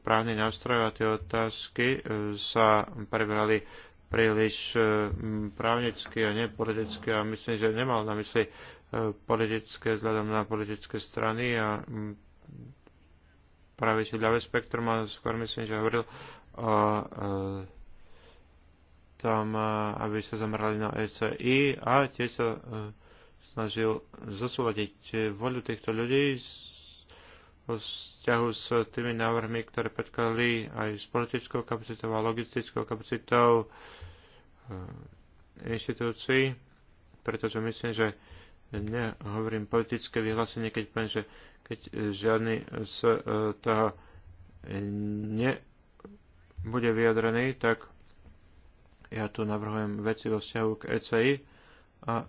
Speaker 3: právny nástroj a tie otázky e, sa prebrali príliš e, právnicky a nepoliticky a myslím, že nemal na mysli politické vzhľadom na politické strany a práve či ľavé spektrum a skôr myslím, že hovoril o tam, eh, aby sa zamerali na ECI a tiež sa eh, snažil zosúľadiť voľu týchto ľudí vo vzťahu s tými návrhmi, ktoré predkladali aj s politickou kapacitou a logistickou kapacitou eh, inštitúcií, pretože myslím, že nehovorím politické vyhlásenie, keď poviem, že keď žiadny z toho nebude vyjadrený, tak ja tu navrhujem veci vo vzťahu k ECI a e,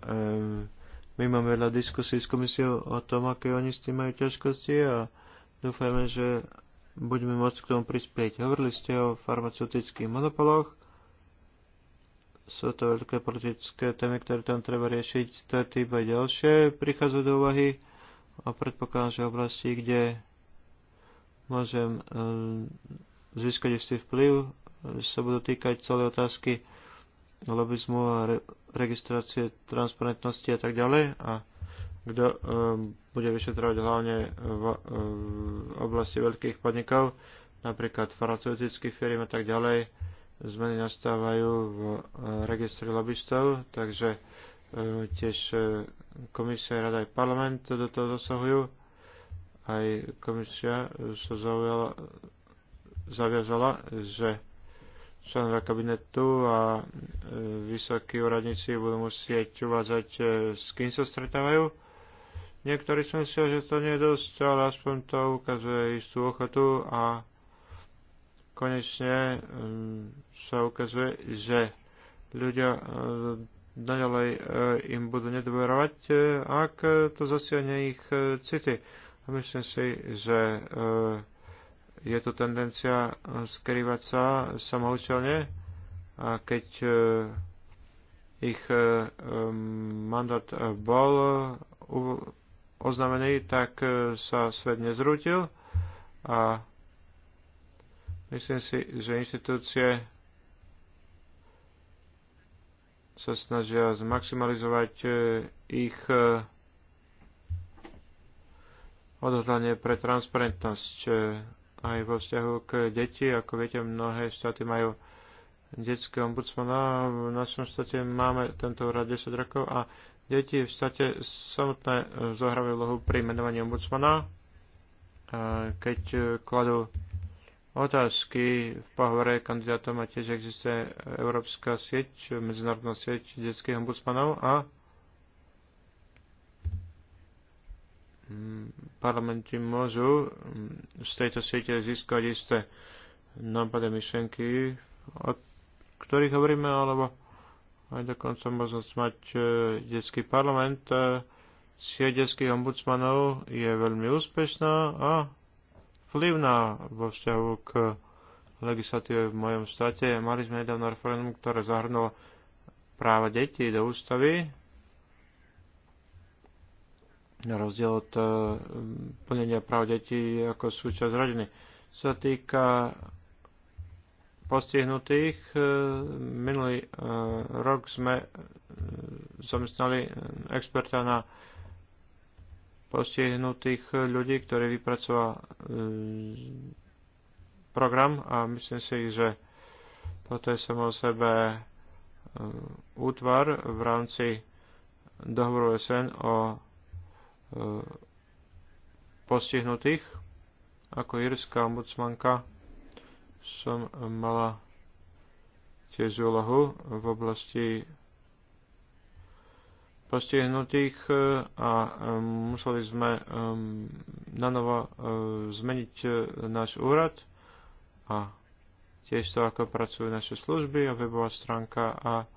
Speaker 3: my máme veľa diskusí s komisiou o tom, aké oni s tým majú ťažkosti a dúfajme, že budeme môcť k tomu prispieť. Hovorili ste o farmaceutických monopoloch. Sú to veľké politické témy, ktoré tam treba riešiť. To je ďalšie prichádza do úvahy a predpokladám, že oblasti, kde môžem e, získať istý vplyv sa budú týkať celé otázky lobizmu a re- registrácie transparentnosti a tak ďalej. A kto um, bude vyšetrovať hlavne v, um, v oblasti veľkých podnikov, napríklad farmaceutických firm a tak ďalej. Zmeny nastávajú v uh, registri lobbystov, takže uh, tiež uh, komisia, rada aj parlament do toho zasahujú. Aj komisia sa zaujala, zaviazala, že členovia kabinetu a e, vysokí úradníci budú musieť e, s kým sa stretávajú. Niektorí si myslia, že to nie je dosť, ale aspoň to ukazuje istú ochotu a konečne mm, sa ukazuje, že ľudia e, naďalej e, im budú e, ak to zasiahne ich city. A myslím si, že je tu tendencia eh, skrývať sa samoučelne a keď eh, ich eh, mandát bol oznamený, tak sa svet nezrútil a myslím si, že inštitúcie sa snažia zmaximalizovať ich odhodlanie pre transparentnosť aj vo vzťahu k deti. Ako viete, mnohé štáty majú detského ombudsmana. V našom štáte máme tento úrad 10 rokov a deti v štáte samotné zohrávajú lohu pri menovaní ombudsmana. Keď kladú otázky v pohovore kandidátom a tiež existuje Európska sieť, medzinárodná sieť detských ombudsmanov a parlamenty môžu mm, z tejto siete získať isté nápady myšlenky, o ktorých hovoríme, alebo aj dokonca možnosť mať e, detský parlament. E, Sieť detských ombudsmanov je veľmi úspešná a vplyvná vo vzťahu k legislatíve v mojom štáte. Mali sme nedávno referendum, ktoré zahrnulo práva detí do ústavy na rozdiel od e, plnenia práv detí ako súčasť rodiny. Čo sa týka postihnutých, e, minulý e, rok sme zamestnali experta na postihnutých ľudí, ktorí vypracoval program a myslím si, že toto je samo o sebe útvar v rámci dohovoru SN o Eh, postihnutých. Ako jirská ombudsmanka som mala tiež úlohu v oblasti postihnutých eh, a eh, museli sme na novo zmeniť náš úrad a tiež to, ako pracujú naše služby a webová stránka a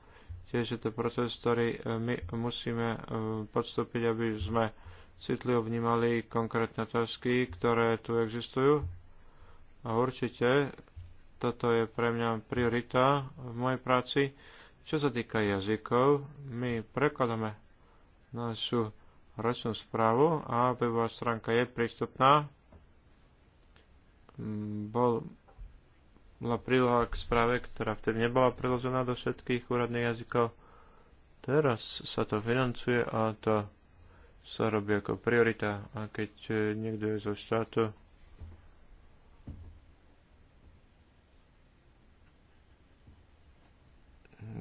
Speaker 3: tiež je to proces, ktorý my musíme podstúpiť, aby sme citlivo vnímali konkrétne otázky, ktoré tu existujú. A určite toto je pre mňa priorita v mojej práci. Čo sa týka jazykov, my prekladáme našu ročnú správu a webová stránka je prístupná. Bol bola príloha k správe, ktorá vtedy nebola preložená do všetkých úradných jazykov. Teraz sa to financuje a to sa robí ako priorita a keď e, niekto je zo štátu,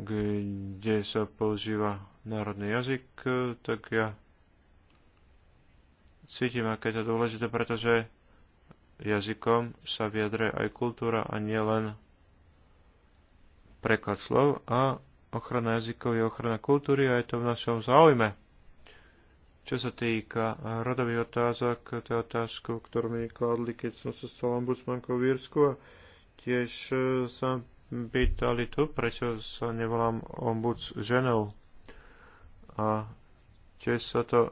Speaker 3: kde sa používa národný jazyk, e, tak ja cítim, aké je to dôležité, pretože jazykom sa vyjadre aj kultúra a nielen preklad slov a ochrana jazykov je ochrana kultúry a je to v našom záujme. Čo sa týka rodových otázok, to je otázka, ktorú mi kladli, keď som sa stal ombudsmankou v Írsku a tiež e, sa pýtali tu, prečo sa nevolám ombuds ženou. A tiež sa to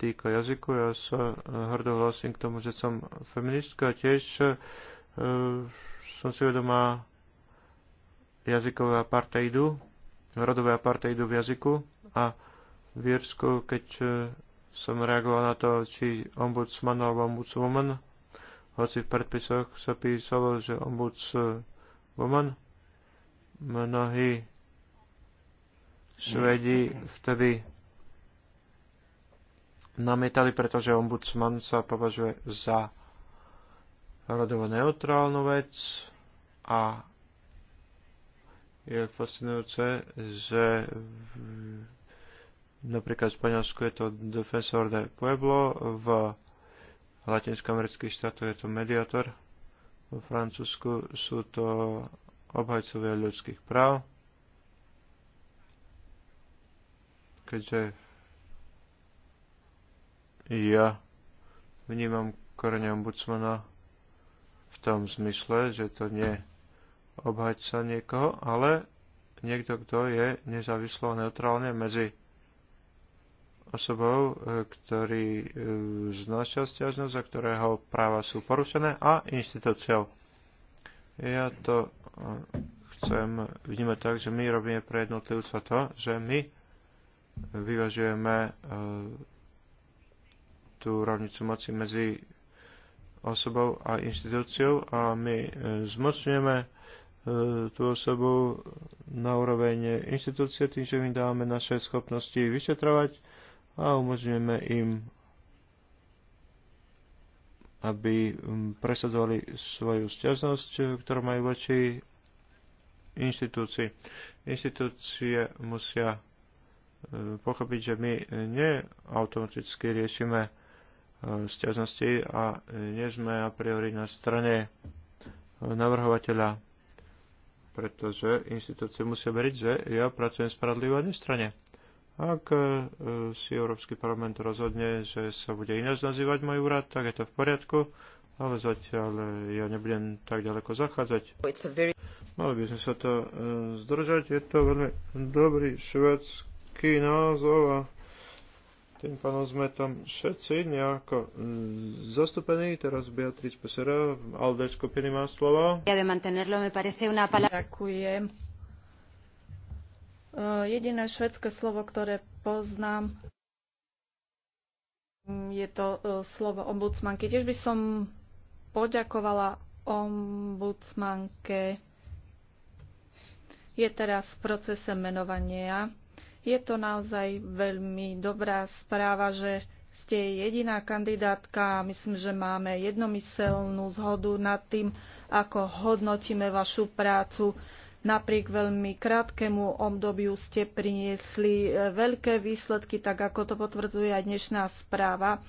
Speaker 3: týka jazyku, ja sa hrdo hlasím k tomu, že som feministka, tiež uh, som si vedomá jazykové apartheidu, rodové apartheidu v jazyku a v Írsku, keď uh, som reagoval na to, či ombudsman alebo ombudswoman, hoci v predpisoch sa písalo, že ombudswoman, mnohí Švedi vtedy namietali, pretože ombudsman sa považuje za rodovo neutrálnu vec a je fascinujúce, že Napríklad v Španielsku je to Defensor de Pueblo, v latinskoamerických štátoch je to mediator, vo Francúzsku sú to obhajcovia ľudských práv, keďže ja vnímam korene ombudsmana v tom zmysle, že to nie obhajca niekoho, ale niekto, kto je nezávislo neutrálne medzi osobou, e, ktorý e, znáša stiažnosť a ktorého práva sú porušené a inštitúciou. Ja to e, chcem vnímať tak, že my robíme pre jednotlivca to, že my vyvažujeme tú rovnicu moci medzi osobou a inštitúciou a my zmocňujeme tú osobu na úroveň inštitúcie, tým, že im dávame naše schopnosti vyšetrovať a umožňujeme im, aby um, presadzovali svoju stiažnosť, eh, ktorú majú voči inštitúcii. Inštitúcie musia eh, pochopiť, že my nie automaticky riešime eh, stiažnosti a nie sme a priori na strane navrhovateľa, pretože inštitúcie musia veriť, že ja pracujem spravodlivo a nestrane. Ak e, si Európsky parlament rozhodne, že sa bude ináč nazývať môj úrad, tak je to v poriadku, ale zatiaľ e, ja nebudem tak ďaleko zachádzať. Very... Mali by sme sa to e, zdržať, je to veľmi dobrý švedský názov a tým pánom sme tam všetci nejako zastúpení. Teraz Beatrice Pesera v Alde skupiny má slovo.
Speaker 1: Ďakujem Eh, jediné švedské slovo, ktoré poznám, mm, je to eh, slovo ombudsmanky. Tiež by som poďakovala ombudsmanke. Je teraz v procese menovania. Je to naozaj veľmi dobrá správa, že ste jediná kandidátka. Myslím, že máme jednomyselnú zhodu nad tým, ako hodnotíme vašu prácu Napriek veľmi krátkému obdobiu ste priniesli e, veľké výsledky, tak ako to potvrdzuje aj dnešná správa.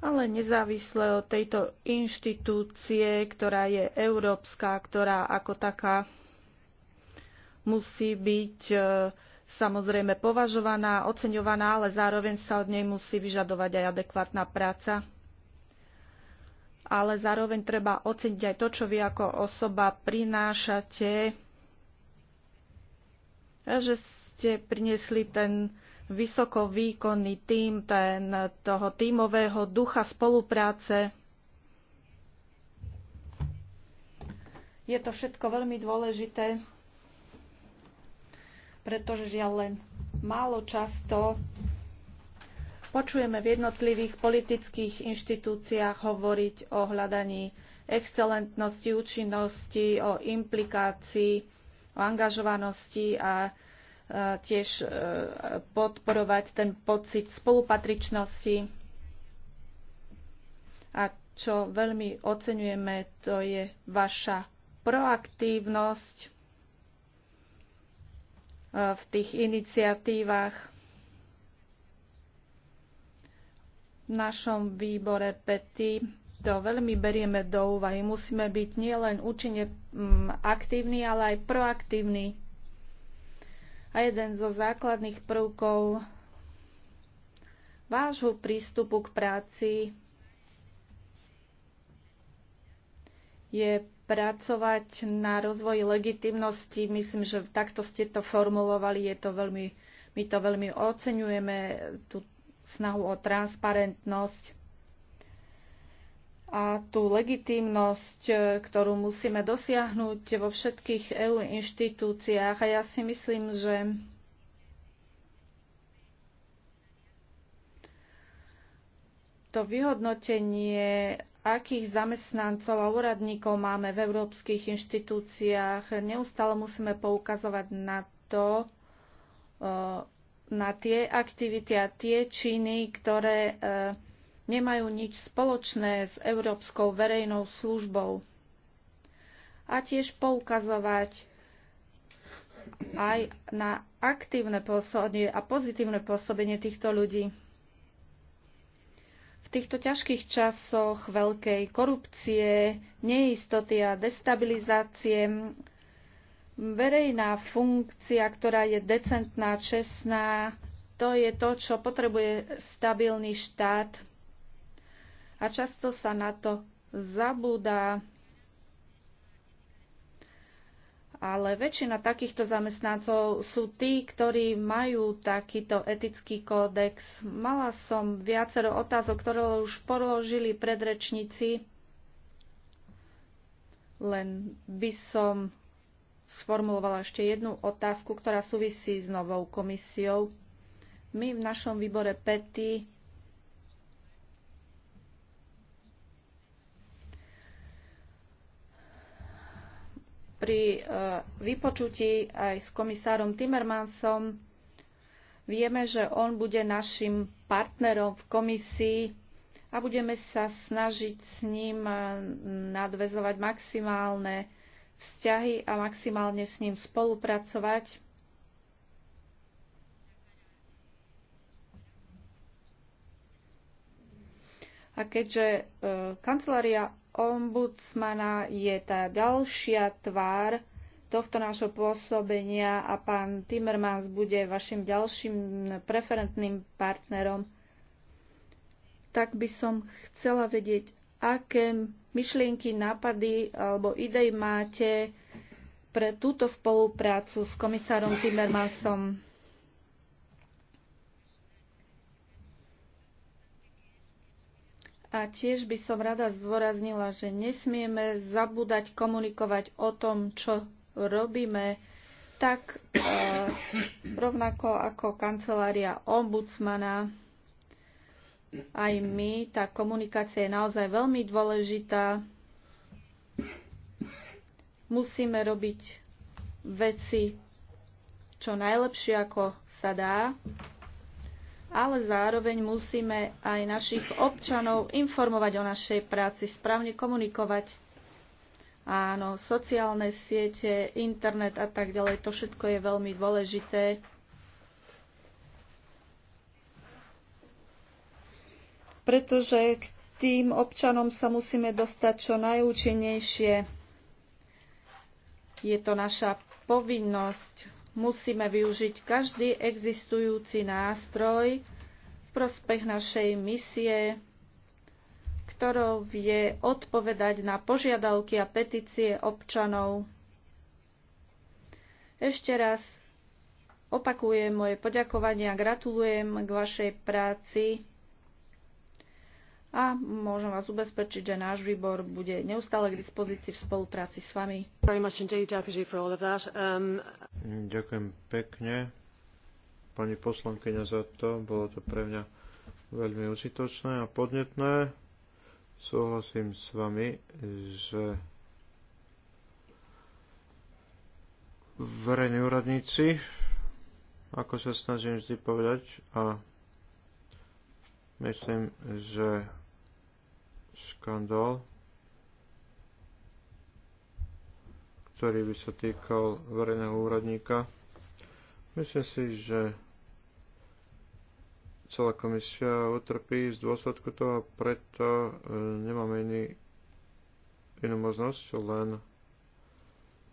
Speaker 1: Ale nezávisle od tejto inštitúcie, ktorá je európska, ktorá ako taká musí byť e, samozrejme považovaná, oceňovaná, ale zároveň sa od nej musí vyžadovať aj adekvátna práca ale zároveň treba oceniť aj to, čo vy ako osoba prinášate, že ste priniesli ten vysoko výkonný tím, ten toho tímového ducha spolupráce. Je to všetko veľmi dôležité, pretože žiaľ len málo často Počujeme v jednotlivých politických inštitúciách hovoriť o hľadaní excelentnosti, účinnosti, o implikácii, o angažovanosti a e, tiež e, podporovať ten pocit spolupatričnosti. A čo veľmi oceňujeme, to je vaša proaktívnosť e, v tých iniciatívach našom výbore PETI to veľmi berieme do úvahy. Musíme byť nielen účinne mm, aktívni, ale aj proaktívni. A jeden zo základných prvkov vášho prístupu k práci je pracovať na rozvoji legitimnosti. Myslím, že takto ste to formulovali. Je to veľmi, my to veľmi oceňujeme, tú snahu o transparentnosť a tú legitímnosť, e, ktorú musíme dosiahnuť vo všetkých EU inštitúciách. A ja si myslím, že to vyhodnotenie, akých zamestnancov a úradníkov máme v európskych inštitúciách, neustále musíme poukazovať na to, e, na tie aktivity a tie činy, ktoré e, nemajú nič spoločné s európskou verejnou službou. A tiež poukazovať aj na aktívne pôsobenie a pozitívne pôsobenie týchto ľudí. V týchto ťažkých časoch veľkej korupcie, neistoty a destabilizácie Verejná funkcia, ktorá je decentná, čestná, to je to, čo potrebuje stabilný štát. A často sa na to zabúda. Ale väčšina takýchto zamestnancov sú tí, ktorí majú takýto etický kódex. Mala som viacero otázok, ktoré už položili predrečníci. Len by som sformulovala ešte jednu otázku, ktorá súvisí s novou komisiou. My v našom výbore PETI pri e, vypočutí aj s komisárom Timmermansom vieme, že on bude našim partnerom v komisii a budeme sa snažiť s ním e, nadvezovať maximálne vzťahy a maximálne s ním spolupracovať. A keďže e, kancelária ombudsmana je tá ďalšia tvár tohto nášho pôsobenia a pán Timmermans bude vašim ďalším preferentným partnerom, tak by som chcela vedieť, aké myšlienky, nápady alebo idej máte pre túto spoluprácu s komisárom Timmermansom. A tiež by som rada zdôraznila, že nesmieme zabúdať komunikovať o tom, čo robíme, tak e, rovnako ako kancelária ombudsmana aj my, tá komunikácia je naozaj veľmi dôležitá. Musíme robiť veci čo najlepšie, ako sa dá, ale zároveň musíme aj našich občanov informovať o našej práci, správne komunikovať. Áno, sociálne siete, internet a tak ďalej, to všetko je veľmi dôležité pretože k tým občanom sa musíme dostať čo najúčinnejšie. Je to naša povinnosť. Musíme využiť každý existujúci nástroj v prospech našej misie, ktorou je odpovedať na požiadavky a petície občanov. Ešte raz opakujem moje poďakovanie a gratulujem k vašej práci a môžem vás ubezpečiť, že náš výbor bude neustále k dispozícii v spolupráci s vami. Um,
Speaker 3: Ďakujem pekne, pani poslankyňa, za to. Bolo to pre mňa veľmi užitočné a podnetné. Súhlasím s vami, že verejní úradníci, ako sa snažím vždy povedať, a myslím, že škandál, ktorý by sa týkal verejného úradníka. Myslím si, že celá komisia utrpí z dôsledku toho, preto e, nemáme iný, inú možnosť, len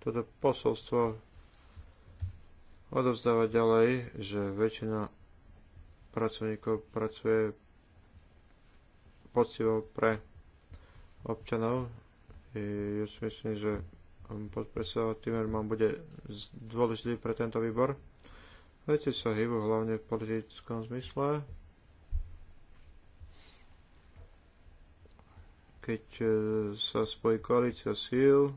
Speaker 3: toto posolstvo odovzdávať ďalej, že väčšina pracovníkov pracuje poctivo pre občanov. Ja si myslím, že podpredseda Timerman bude dôležitý pre tento výbor. Veci sa hýbu hlavne v politickom zmysle. Keď e, sa spojí koalícia síl,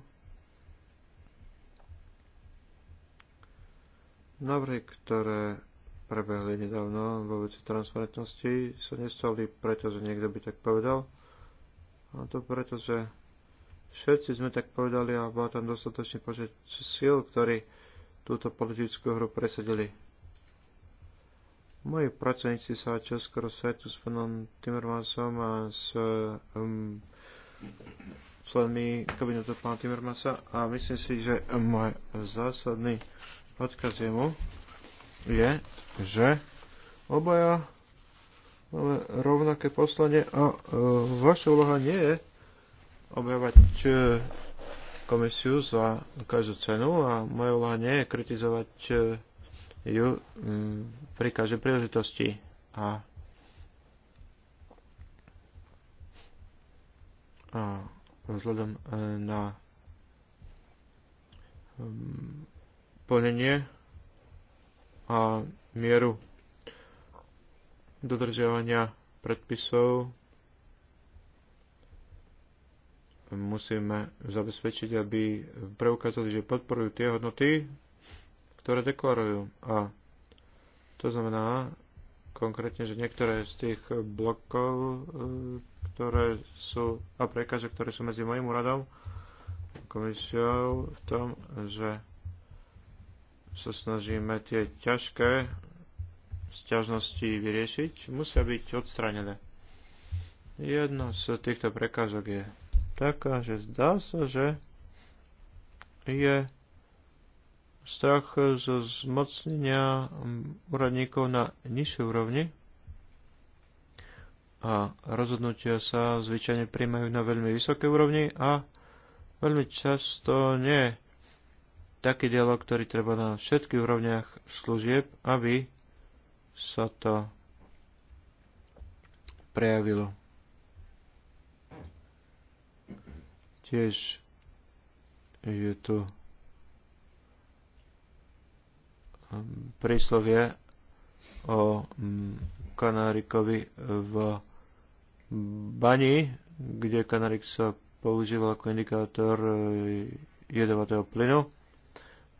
Speaker 3: Návrhy, ktoré prebehli nedávno vo veci transparentnosti, sa nestali preto, že niekto by tak povedal, a to preto, že všetci sme tak povedali a bola tam dostatočný počet síl, ktorí túto politickú hru presadili. Moji pracovníci sa čoskoro svetu s panom Timmermansom a s um, členmi kabinetu pána Timmermansa a myslím si, že môj zásadný odkaz jemu je, že obaja Máme rovnaké poslanie a e, vaša úloha nie je objavať e, komisiu za každú cenu a moja úloha nie je kritizovať e, ju pri každej príležitosti. A, a vzhľadom na plnenie a mieru dodržiavania predpisov musíme zabezpečiť, aby preukázali, že podporujú tie hodnoty, ktoré deklarujú. A to znamená konkrétne, že niektoré z tých blokov, e, ktoré sú, a prekáže, ktoré sú medzi mojim úradom a komisiou v tom, že sa snažíme tie ťažké sťažnosti vyriešiť, musia byť odstranené. Jedna z týchto prekážok je taká, že zdá sa, že je strach zo zmocnenia úradníkov na nižšej úrovni a rozhodnutia sa zvyčajne príjmajú na veľmi vysokej úrovni a veľmi často nie taký dialog, ktorý treba na všetkých úrovniach služieb, aby sa to prejavilo. Tiež je tu um, príslovie o mm, kanárikovi v bani, kde kanárik sa používal ako indikátor e, jedovatého plynu.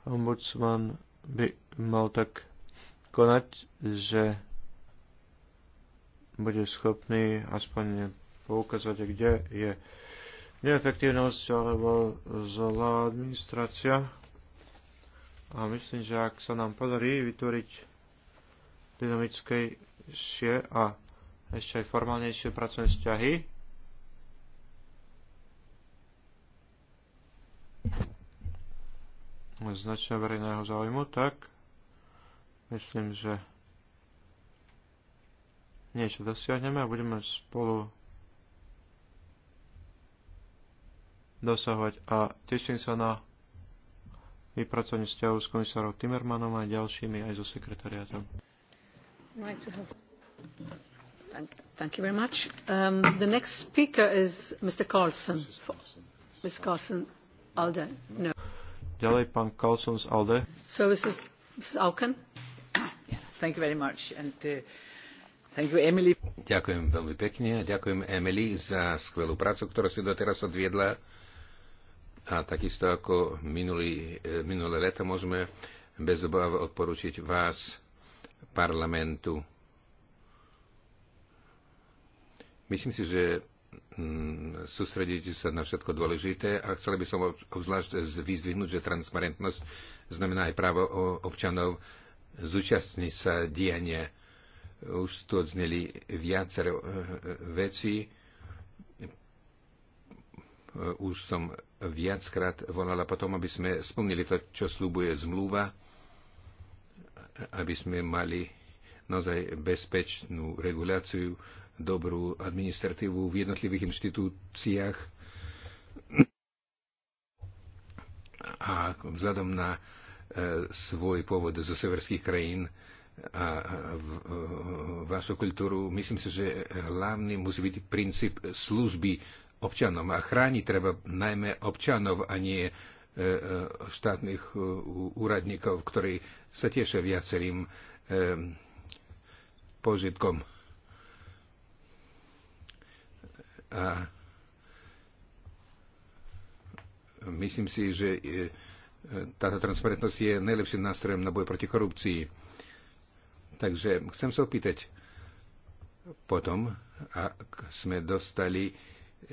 Speaker 3: Ombudsman by mal tak konať, že bude schopný aspoň poukázať, kde je neefektívnosť alebo zlá administrácia. A myslím, že ak sa nám podarí vytvoriť dynamickejšie a ešte aj formálnejšie pracovné vzťahy, značne verejného záujmu, tak Myslím, že niečo dosiahneme a budeme spolu dosahovať. A teším sa na vypracovanie vzťahu s komisárom Timmermanom a ďalšími aj so sekretariátom.
Speaker 1: Thank you very much. Um, the next speaker is Mr. Carlson. Ms. Carlson, Alde. No.
Speaker 3: Ďalej pán Carlson z Alde.
Speaker 1: So this is Mrs. Auken. Uh,
Speaker 2: ďakujem veľmi pekne a ďakujem Emily za skvelú prácu, ktorú si doteraz odviedla. A takisto ako minulý, e, minulé leto môžeme bez obav odporučiť vás parlamentu. Myslím si, že mm, sústrediť sa na všetko dôležité a chceli by som obzvlášť vyzdvihnúť, že transparentnosť znamená aj právo občanov zúčastniť sa diania. Už tu odzneli viacero eh, veci. Eh, už som viackrát volala potom, aby sme splnili to, čo slúbuje zmluva, aby sme mali naozaj bezpečnú reguláciu, dobrú administratívu v jednotlivých inštitúciách. A vzhľadom na svoj pôvod zo severských krajín a vašu kultúru. Myslím si, že hlavný musí byť princíp služby občanom a chrániť treba najmä občanov a nie e, e, štátnych e, úradníkov, ktorí sa tešia viacerým požitkom. A myslím si, že táto transparentnosť je najlepším nástrojom na boj proti korupcii. Takže chcem sa opýtať, potom, ak sme dostali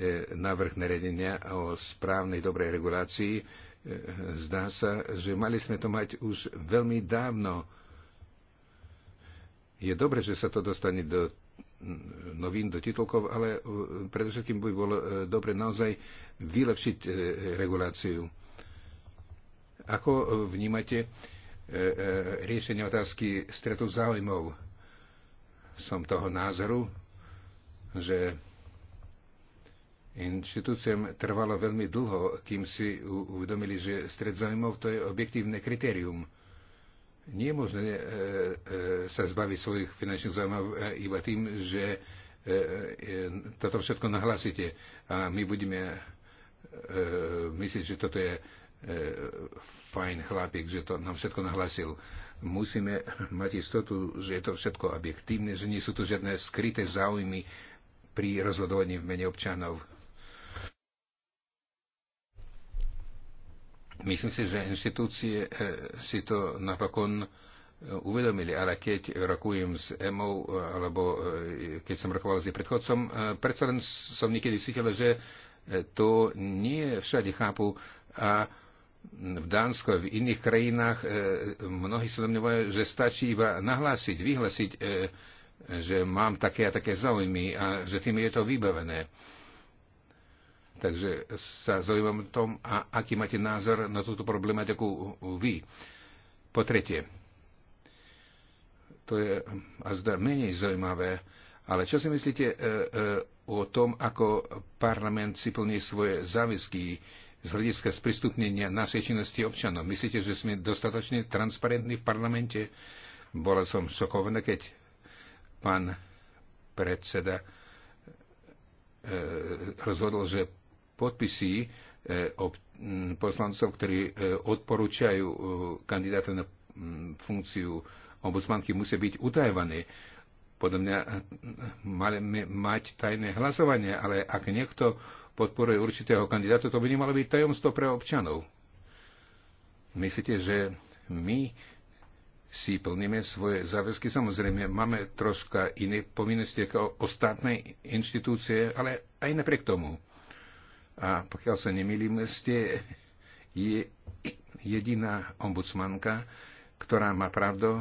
Speaker 2: e, návrh nariadenia o správnej dobrej regulácii, e, zdá sa, že mali sme to mať už veľmi dávno. Je dobre, že sa to dostane do novín, do titulkov, ale e, predovšetkým by bolo dobre naozaj vylepšiť reguláciu. Ako e, vnímate e, e, riešenie otázky stretu záujmov? Som toho názoru, že inštitúciám trvalo veľmi dlho, kým si uvedomili, že stred záujmov to je objektívne kritérium. Nie je možné sa zbaviť svojich finančných záujmov iba tým, že toto všetko nahlasíte a my budeme myslieť, že toto je E, fajn chlapík, že to nám všetko nahlasil. Musíme mať istotu, že je to všetko objektívne, že nie sú tu žiadne skryté záujmy pri rozhodovaní v mene občanov. Myslím si, že inštitúcie e, si to napokon e, uvedomili, ale keď rokujem s EMO, alebo keď som rokoval s jej predchodcom, predsa len som niekedy cítil, že to nie všade chápu a v Dánsku a v iných krajinách e, mnohí sa domnievajú, že stačí iba nahlásiť, vyhlásiť, e, že mám také a také záujmy a že tým je to vybavené. Takže sa zaujímam o tom, a aký máte názor na túto problematiku vy. Po tretie, to je a zda menej zaujímavé, ale čo si myslíte e, o tom, ako parlament si plní svoje záväzky z hľadiska sprístupnenia našej činnosti občanom. Myslíte, že sme dostatočne transparentní v parlamente? Bola som šokovaná, keď pán predseda e, rozhodol, že podpisy e, poslancov, ktorí e, odporúčajú kandidáta na funkciu ombudsmanky, musia byť utajované podľa mňa mali mať tajné hlasovanie, ale ak niekto podporuje určitého kandidátu, to by nemalo byť tajomstvo pre občanov. Myslíte, že my si plníme svoje záväzky. Samozrejme, máme troška iné povinnosti ako ostatné inštitúcie, ale aj napriek tomu. A pokiaľ sa nemýlim, ste je jediná ombudsmanka, ktorá má pravdu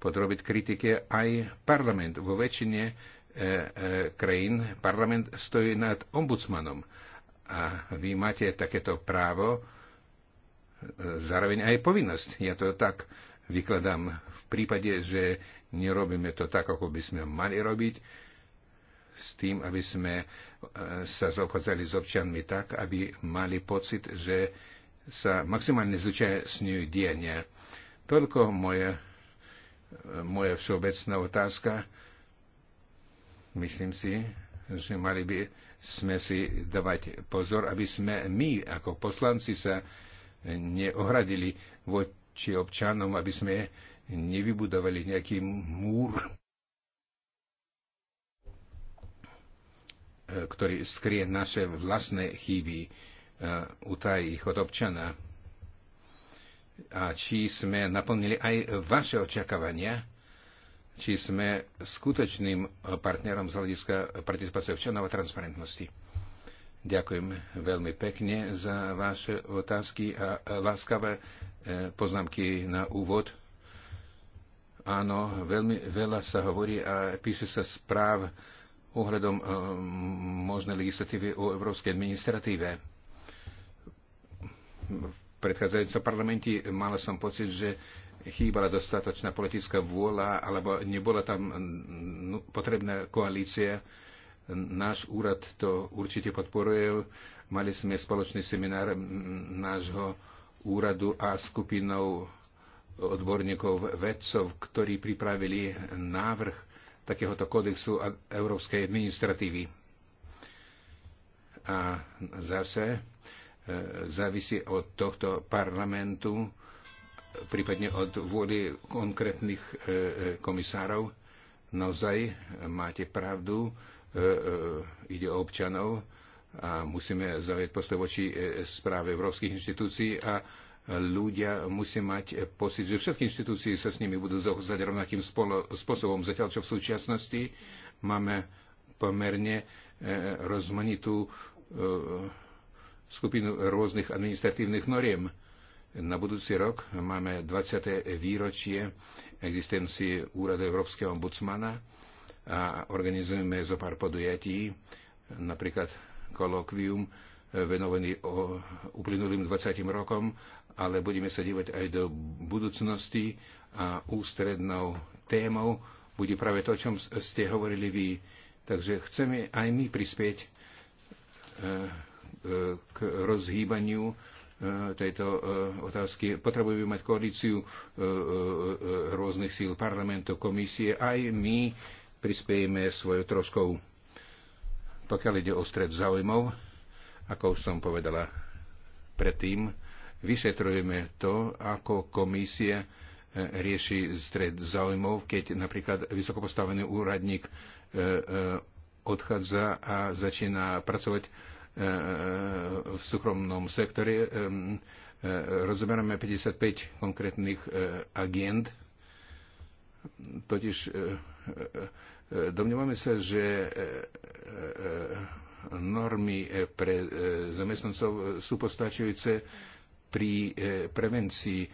Speaker 2: podrobiť kritike aj parlament. Vo väčšine E, e, krajín parlament stojí nad ombudsmanom. A vy máte takéto právo, e, zároveň aj povinnosť. Ja to tak vykladám v prípade, že nerobíme to tak, ako by sme mali robiť, s tým, aby sme sa zaobchádzali s občanmi tak, aby mali pocit, že sa maximálne zúčastňujú diania. Toľko moje, moje všeobecná otázka. Myslím si, že mali by sme si dávať pozor, aby sme my ako poslanci sa neohradili voči občanom, aby sme nevybudovali nejaký múr, ktorý skrie naše vlastné chyby, e, utají ich od občana. A či sme naplnili aj vaše očakávania, či sme skutočným e, partnerom z hľadiska participácie občanov a transparentnosti. Ďakujem veľmi pekne za vaše otázky a e, láskavé e, poznámky na úvod. Áno, veľmi veľa sa hovorí a píše sa správ ohľadom možnej legislatívy o európskej administratíve. V predchádzajúcom parlamente mala som pocit, že chýbala dostatočná politická vôľa, alebo nebola tam potrebná koalícia. Náš úrad to určite podporuje. Mali sme spoločný seminár nášho úradu a skupinou odborníkov, vedcov, ktorí pripravili návrh takéhoto kodexu európskej administratívy. A zase e, závisí od tohto parlamentu, prípadne od vôli konkrétnych e, e, komisárov. Naozaj e, máte pravdu, ide o občanov a musíme zaujať postoj voči správe európskych inštitúcií a ľudia musia mať pocit, že všetky inštitúcie sa s nimi budú zaobchádzať rovnakým spôsobom. Zatiaľ, čo v súčasnosti máme pomerne rozmanitú skupinu rôznych administratívnych noriem na budúci rok máme 20. výročie existencie Úradu Európskeho ombudsmana a organizujeme zo pár podujatí, napríklad kolokvium venovaný o uplynulým 20 rokom, ale budeme sa dívať aj do budúcnosti a ústrednou témou bude práve to, o čom ste hovorili vy. Takže chceme aj my prispieť eh, eh, k rozhýbaniu E, tejto e, otázky. Potrebujeme mať koalíciu e, rôznych síl parlamentu, komisie. Aj my prispiejeme svojou troškou, pokiaľ ide o stred záujmov, ako už som povedala predtým, vyšetrujeme to, ako komisia rieši stred záujmov, keď napríklad vysokopostavený úradník odchádza a začína pracovať v súkromnom sektore. Rozoberáme 55 konkrétnych e, agent, totiž e, e, domnievame sa, že normy pre zamestnancov sú postačujúce pri prevencii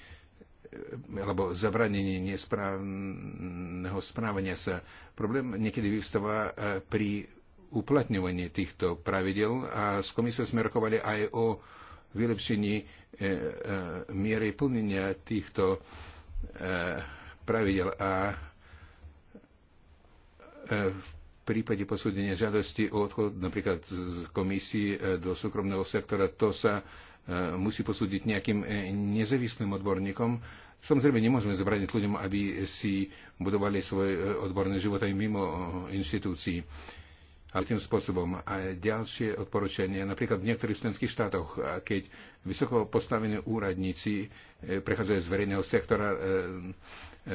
Speaker 2: alebo zabranení nesprávneho správania sa. Problém niekedy vyvstáva pri uplatňovanie týchto pravidel a s Komisou sme rokovali aj o vylepšení e, e, miery plnenia týchto e, pravidel a v prípade posúdenia žiadosti o odchod napríklad z komisii do súkromného sektora, to sa musí posúdiť nejakým nezávislým odborníkom. Samozrejme, nemôžeme zabrániť ľuďom, aby si budovali svoj odborný život aj mimo inštitúcií a tým spôsobom. A ďalšie odporúčanie, napríklad v niektorých členských štátoch, keď vysoko postavení úradníci e, prechádzajú z verejného sektora e,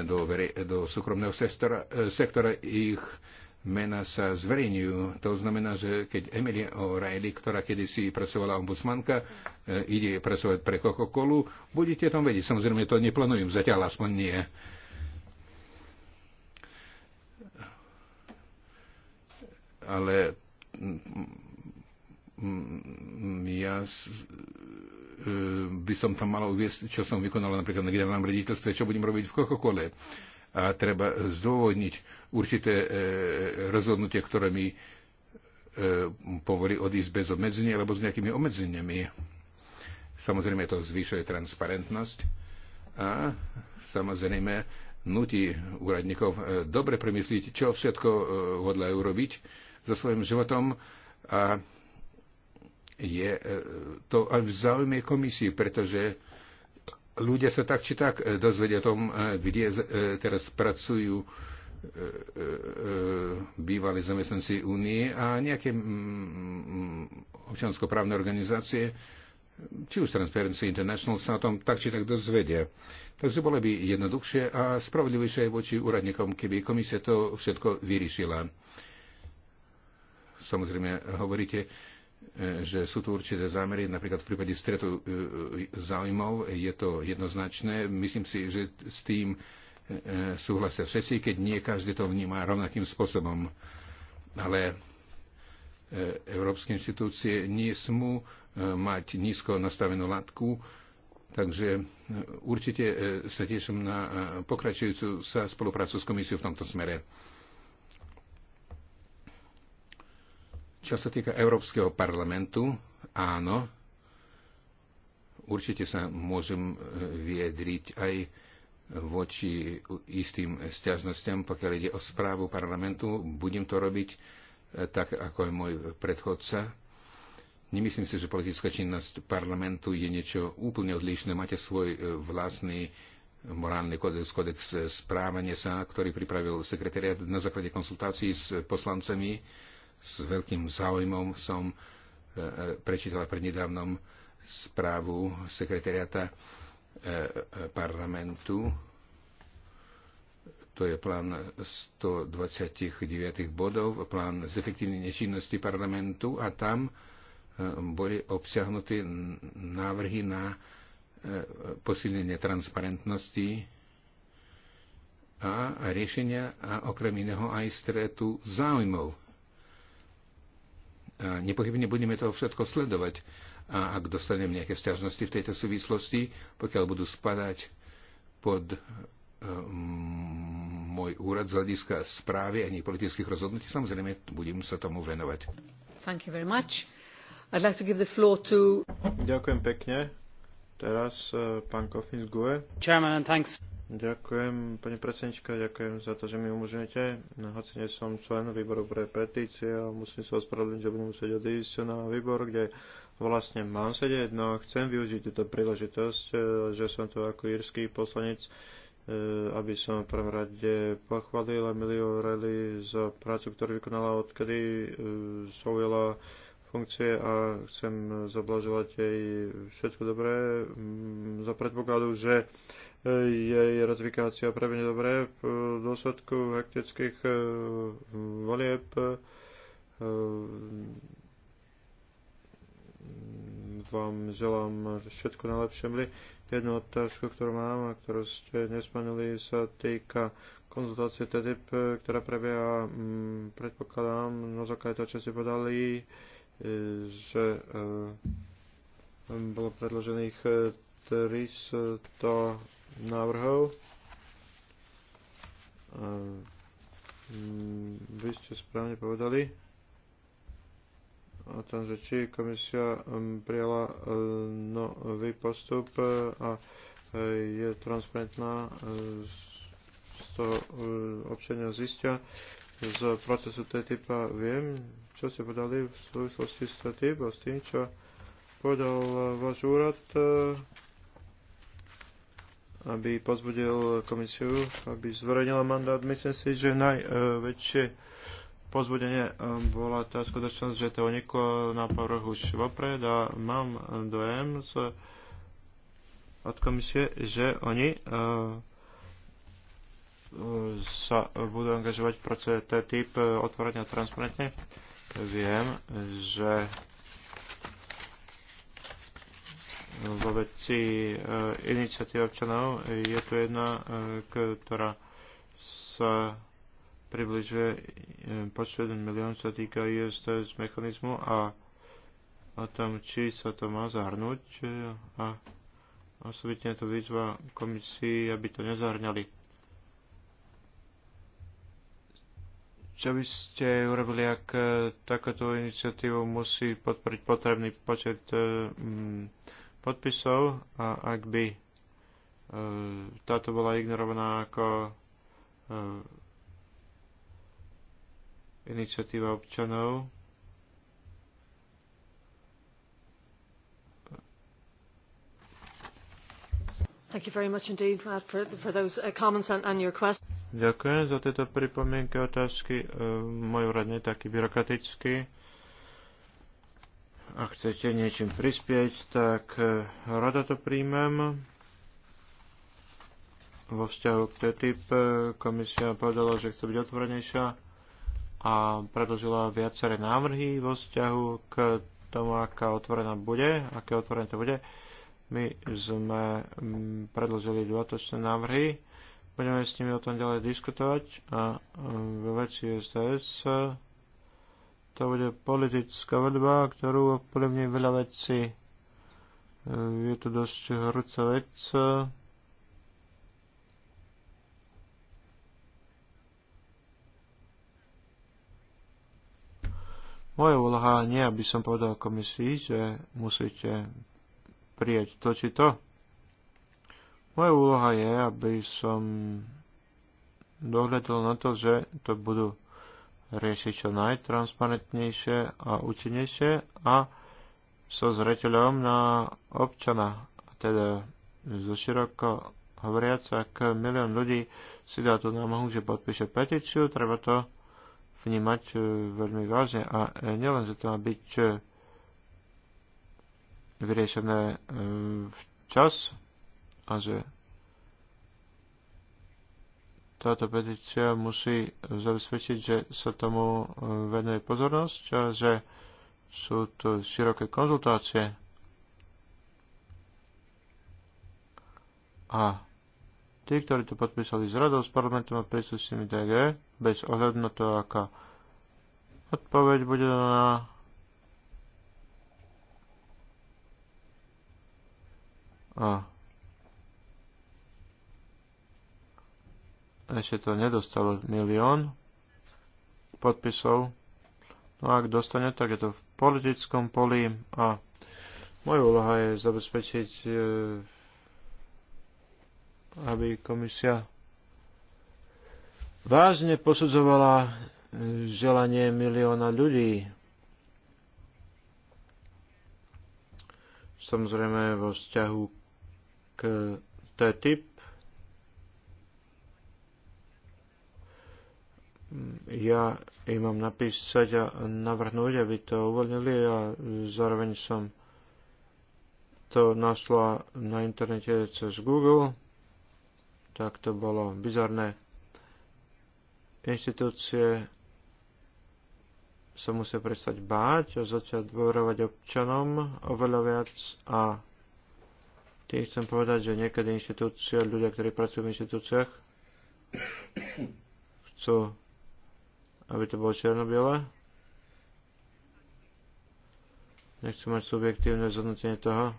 Speaker 2: do, verej, do súkromného sektora, e, sektora, ich mena sa zverejňujú. To znamená, že keď Emily O'Reilly, ktorá kedysi pracovala ombudsmanka, ide pracovať pre Coca-Colu, budete tam vedieť. Samozrejme, to neplánujem zatiaľ, aspoň nie ale mm, ja by som tam mal uviesť, čo som vykonal napríklad na generálnom rediteľstve, čo budem robiť v Coca-Cole. A treba zdôvodniť určité e, rozhodnutie, ktoré mi e, povolí odísť bez obmedzenia alebo s nejakými obmedzeniami. Samozrejme to zvyšuje transparentnosť a samozrejme nutí úradníkov e, dobre premyslieť, čo všetko hodlajú robiť, so svojím životom a je e, to aj v záujme komisii, pretože ľudia sa tak či tak e, dozvedia o tom, e, kde teraz pracujú bývalí zamestnanci únie a nejaké občanskoprávne organizácie, či už Transparency International sa o tom tak či tak dozvedia. Takže bolo by jednoduchšie a spravodlivejšie voči úradníkom, keby komisia to všetko vyriešila. Samozrejme, eh, hovoríte, eh, že sú tu určité zámery, napríklad v prípade stretu eh, záujmov je to jednoznačné. Myslím si, že s tým súhlasia všetci, keď nie každý to vníma rovnakým spôsobom. Ale európske inštitúcie nie smú mať nízko nastavenú látku, takže určite sa teším na pokračujúcu sa spoluprácu s komisiou v tomto smere. Čo sa týka Európskeho parlamentu, áno, určite sa môžem e, viedriť aj voči istým stiažnostiam, pokiaľ ide o správu parlamentu. Budem to robiť e, tak, ako je môj predchodca. Nemyslím si, že politická činnosť parlamentu je niečo úplne odlišné. Máte svoj e, vlastný morálny kodex kodex správania sa, ktorý pripravil sekretariat na základe konsultácií s poslancami s veľkým záujmom som e, e, prečítala prednedávnom správu sekretariata e, parlamentu. To je plán 129 bodov, plán efektívnej nečinnosti parlamentu a tam boli obsiahnuté návrhy na posilnenie transparentnosti a riešenia a okrem iného aj stretu záujmov nepochybne budeme to všetko sledovať. A ak dostanem nejaké stiažnosti v tejto súvislosti, pokiaľ budú spadať pod e, môj úrad z hľadiska správy a politických rozhodnutí, samozrejme budem sa tomu venovať.
Speaker 1: Thank you very much. I'd like
Speaker 3: to give the floor to... Ďakujem pekne. Teraz e, pán Kofin GUE. Chairman, and thanks. Ďakujem, pani predsednička, ďakujem za to, že mi umožňujete. No, hoci nie som člen výboru pre petície a musím sa ospravedlniť, že budem musieť odísť na výbor, kde vlastne mám sedieť, no chcem využiť túto príležitosť, e, že som tu ako írsky poslanec, e, aby som v prvom rade pochválil Emilio Reli za prácu, ktorú vykonala odkedy svojila e, funkcie a chcem zablažovať jej všetko dobré za predpokladu, že jej ratifikácia prebehne dobre v dôsledku hektických e, volieb e, vám želám všetko najlepšie mli. Jednu otázku, ktorú mám a ktorú ste nesplnili, sa týka konzultácie TTIP, ktorá prebieha, mm, predpokladám, na základe to, čo ste podali, e, že bolo predložených 300 návrhov. Mm, vy ste správne povedali o tom, že či komisia mm, prijala mm, nový postup e, a e, je transparentná e, z toho občania zistia z procesu TTIP a viem, čo ste podali v súvislosti s TTIP a s tým, čo povedal váš úrad aby pozbudil komisiu, aby zverejnila mandát. Myslím si, že najväčšie pozbudenie eh, bola tá skutočnosť, že to uniklo na povrch už vopred a mám dojem z, od komisie, že oni eh, sa budú angažovať v procese TTIP eh, otvorene a transparentne. Viem, že vo veci e, iniciatív občanov. Je tu jedna, e, ktorá sa približuje e, počtu 1 milión, sa týka ISTS mechanizmu a o tom, či sa to má zahrnúť a osobitne to výzva komisii, aby to nezahrňali. Čo by ste urobili, ak takáto iniciatívu musí podporiť potrebný počet mm, podpisov a ak by e, táto bola ignorovaná ako e, iniciatíva občanov,
Speaker 2: Thank you very much indeed, Matt, for, for those uh, comments and, and your questions.
Speaker 3: Ďakujem za tieto pripomienky, otázky. E, môj rad nie taký byrokratický a chcete niečím prispieť, tak e, rada to príjmem. Vo vzťahu k TTIP e, komisia povedala, že chce byť otvorenejšia a predložila viaceré návrhy vo vzťahu k tomu, aká otvorená bude, aké otvorené to bude. My sme predložili dodatočné návrhy, budeme s nimi o tom ďalej diskutovať a ve veci SDS to bude politická vedba, ktorú ovplyvní veľa vecí. E, je to dosť horúca vec. Moja úloha nie, aby som povedal komisii, že musíte prijať to či to. Moja úloha je, aby som dohľadil na to, že to budú riešiť čo najtransparentnejšie a účinnejšie a so zreteľom na občana, teda zo široko hovoriaca k milión ľudí si dá tú námahu, že podpíše petíciu, treba to vnímať e, veľmi vážne. A e, nielen, že to má byť e, vyriešené včas a že táto petícia musí zabezpečiť, že sa tomu e, venuje pozornosť a že sú tu široké konzultácie. A tí, ktorí to podpísali s radou, s parlamentom a príslušnými DG, bez ohľadu na to, aká odpoveď bude na a ešte to nedostalo milión podpisov. No a ak dostane, tak je to v politickom poli a moja úloha je zabezpečiť, e, aby komisia vážne posudzovala e, želanie milióna ľudí. Samozrejme vo vzťahu k TTIP ja im mám napísať a navrhnúť, aby to uvoľnili a zároveň som to našla na internete cez Google, tak to bolo bizarné. Inštitúcie sa musia prestať báť a začať dôverovať občanom oveľa viac a tým chcem povedať, že niekedy inštitúcie, ľudia, ktorí pracujú v inštitúciách, chcú aby to bolo čierno-biele. Nechcem mať subjektívne zhodnotenie toho,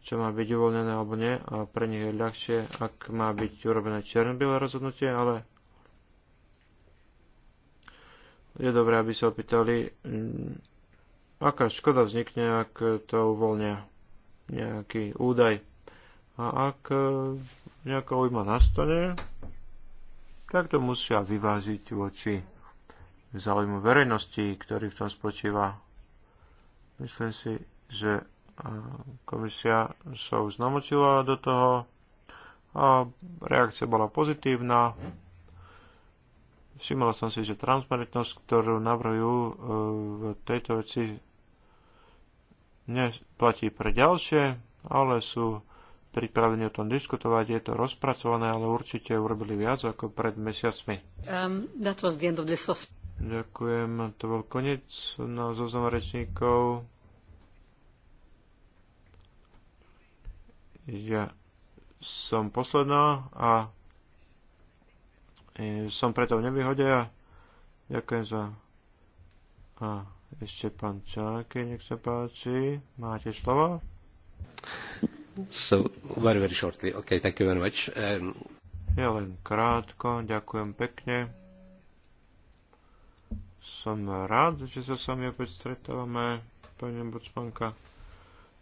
Speaker 3: čo má byť uvoľnené alebo nie a pre nich je ľahšie, ak má byť urobené čierno-biele rozhodnutie, ale je dobré, aby sa opýtali, mm, aká škoda vznikne, ak to uvoľnia nejaký údaj. A ak e, nejaká ujma nastane, tak to musia vyváziť voči záujmu verejnosti, ktorý v tom spočíva. Myslím si, že e, komisia sa už znamočila do toho a reakcia bola pozitívna. Všimol som si, že transparentnosť, ktorú navrhujú e, v tejto veci, neplatí pre ďalšie, ale sú pripravení o tom diskutovať, je to rozpracované, ale určite urobili viac ako pred mesiacmi.
Speaker 1: Um, that was the end of
Speaker 3: Ďakujem, to bol koniec na zoznam rečníkov. Ja som posledná a e, som preto v nevyhode a ďakujem za... A ešte pán čáke, nech sa páči, máte slovo?
Speaker 2: So, very, very shortly. Okay, thank you very much.
Speaker 3: Um... Ja len krátko, ďakujem pekne. Som rád, že sa s vami opäť stretávame, pani ombudsmanka.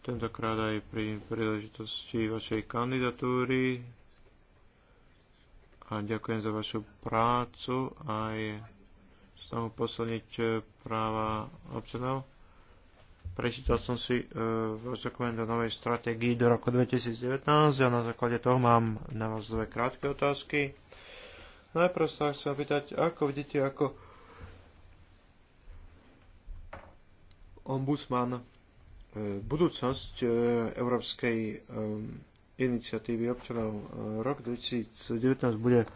Speaker 3: Tentokrát aj pri príležitosti vašej kandidatúry. A ďakujem za vašu prácu aj snahu posilniť práva občanov Prečítal som si e, váš dokument do novej stratégii do roku 2019 a na základe toho mám na vás dve krátke otázky. Najprv sa chcem pýtať, ako vidíte, ako ombudsman e, budúcnosť e, Európskej iniciatívy občanov. Rok 2019 bude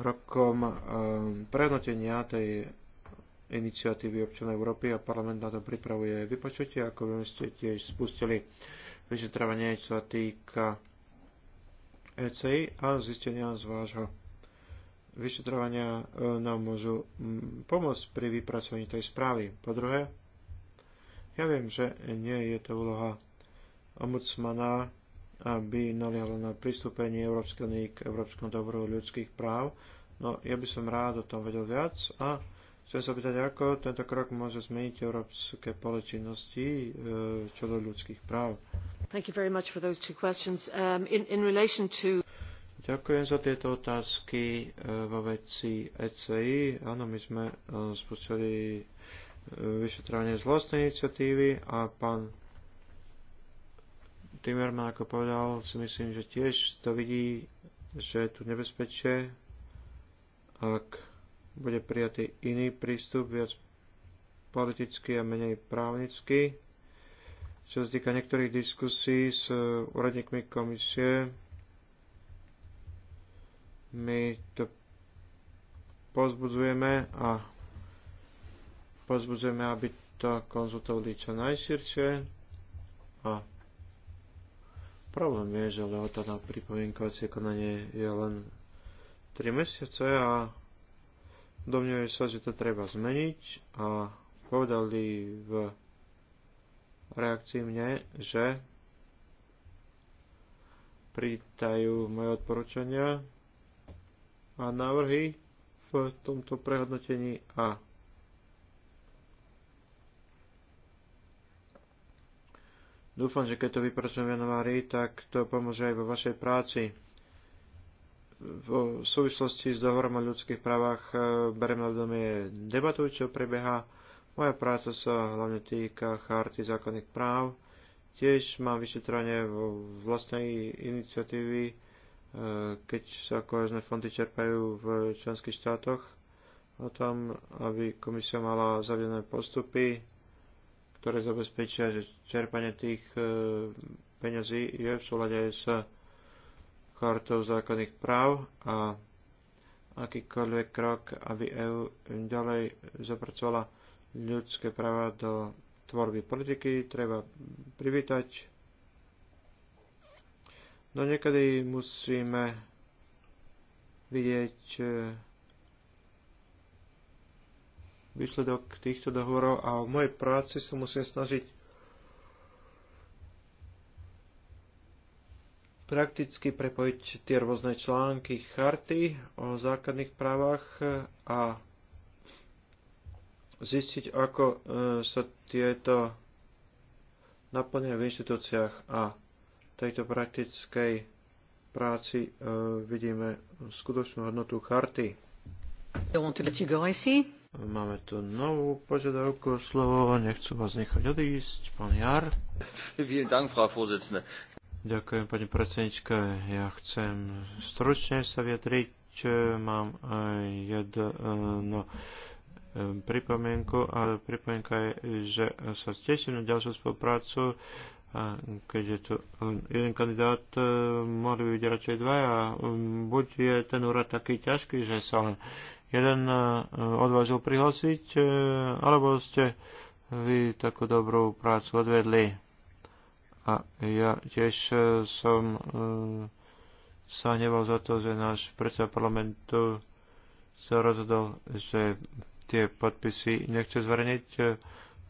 Speaker 3: rokom prehnotenia tej iniciatívy občana Európy a parlament na to pripravuje vypočutie, ako by ste tiež spustili vyšetrovanie, čo sa týka ECI a zistenia z vášho vyšetrovania e, nám môžu pomôcť pri vypracovaní tej správy. Po druhé, ja viem, že nie je to úloha ombudsmana, aby naliehal na pristúpenie Európskej únie k Európskom dobru ľudských práv, no ja by som rád o tom vedel viac a Chcem sa pýtať, ako tento krok môže zmeniť európske poličinnosti e, čo do ľudských práv.
Speaker 1: Thank you very much for those two questions. Um, in, in relation
Speaker 3: to... Ďakujem za tieto otázky e, vo veci ECI. Áno, my sme e, spustili vyšetrovanie z vlastnej iniciatívy a pán Timerman, ako povedal, si myslím, že tiež to vidí, že je tu nebezpečie, ak bude prijatý iný prístup, viac politický a menej právnický. Čo sa týka niektorých diskusí s úradníkmi komisie, my to pozbudzujeme a pozbudzujeme, aby to konzultovali čo najširšie. A problém je, že lehota na pripomienkovacie konanie je len 3 mesiace a Domňuje sa, že to treba zmeniť a povedali v reakcii mne, že pritajú moje odporúčania a návrhy v tomto prehodnotení a Dúfam, že keď to vypracujem v januári, tak to pomôže aj vo vašej práci v súvislosti s dohovorom o ľudských právach e, bereme na vedomie debatu, čo prebieha. Moja práca sa hlavne týka charty zákonných práv. Tiež mám vyšetrovanie vlastnej iniciatívy, e, keď sa kohezné fondy čerpajú v členských štátoch, o tom, aby komisia mala zavedené postupy, ktoré zabezpečia, že čerpanie tých e, peňazí je v súlade aj s chartou základných práv a akýkoľvek krok, aby EU ďalej zapracovala ľudské práva do tvorby politiky, treba privítať. No niekedy musíme vidieť e, výsledok týchto dohovorov a v mojej práci sa musím snažiť prakticky prepojiť tie rôzne články charty o základných právach a zistiť, ako e, sa tieto naplňajú v inštitúciách a tejto praktickej práci e, vidíme skutočnú hodnotu charty. Máme tu novú požiadavku o slovo, nechcú vás nechať odísť, pán Jar. Ďakujem, pani predsednička. Ja chcem stručne sa vyjadriť. Mám jednu eh, pripomienku a pripomienka je, že sa teším na ďalšiu spoluprácu keď je tu jeden kandidát, eh, mohli by byť radšej dvaja. Mm, buď je ten úrad taký ťažký, že sa len jeden eh, odvážil prihlásiť, alebo ste vy takú dobrú prácu odvedli a ja tiež e, som e, sa neval za to, že náš predseda parlamentu sa rozhodol, že tie podpisy nechce zverejniť. E,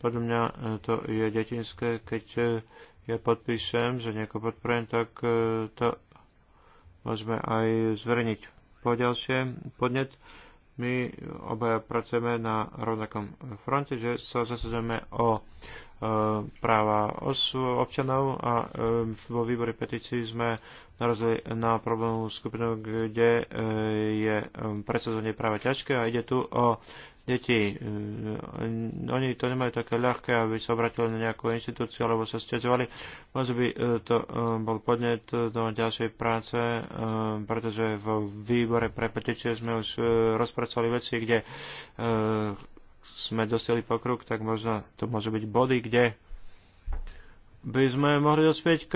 Speaker 3: podľa mňa to je detinské, keď ja podpíšem, že nejako podporujem, tak to môžeme aj zverejniť. Po ďalšie podnet, my obaja pracujeme na rovnakom fronte, že sa zasadzujeme o práva občanov a e, vo výbore petícií sme narazili na problémovú skupinu, kde e, je e, presadzovanie práva ťažké a ide tu o deti. Oni to nemajú také ľahké, aby sa obratili na nejakú inštitúciu alebo sa stiažovali. Možno by to bol podnet do ďalšej práce, pretože v výbore pre petície sme už rozpracovali veci, kde sme dosiahli pokrok, tak možno to môže byť body, kde by sme mohli dospieť k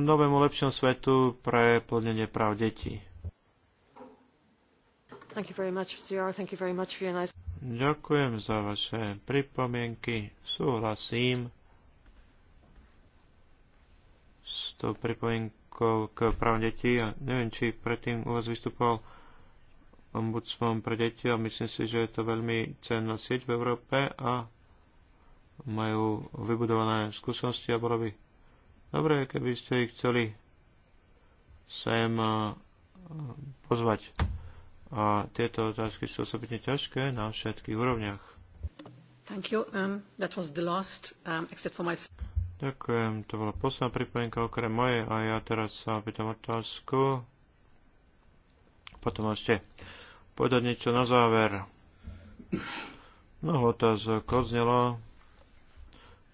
Speaker 3: novému lepšiemu svetu pre plnenie práv detí.
Speaker 2: Much, nice...
Speaker 3: Ďakujem za vaše pripomienky. Súhlasím s tou pripomienkou k právom detí. Ja neviem, či predtým u vás vystupoval ombudsman pre deti a myslím si, že je to veľmi cenná sieť v Európe a majú vybudované skúsenosti a bolo by dobre, keby ste ich chceli sem pozvať. A tieto otázky sú osobitne ťažké na všetkých úrovniach.
Speaker 2: Thank you. Um, that was the last, um, except for my...
Speaker 3: Ďakujem, to bola posledná pripomienka okrem mojej a ja teraz sa pýtam otázku. Potom ešte povedať niečo na záver. Mnoho otázok odznelo,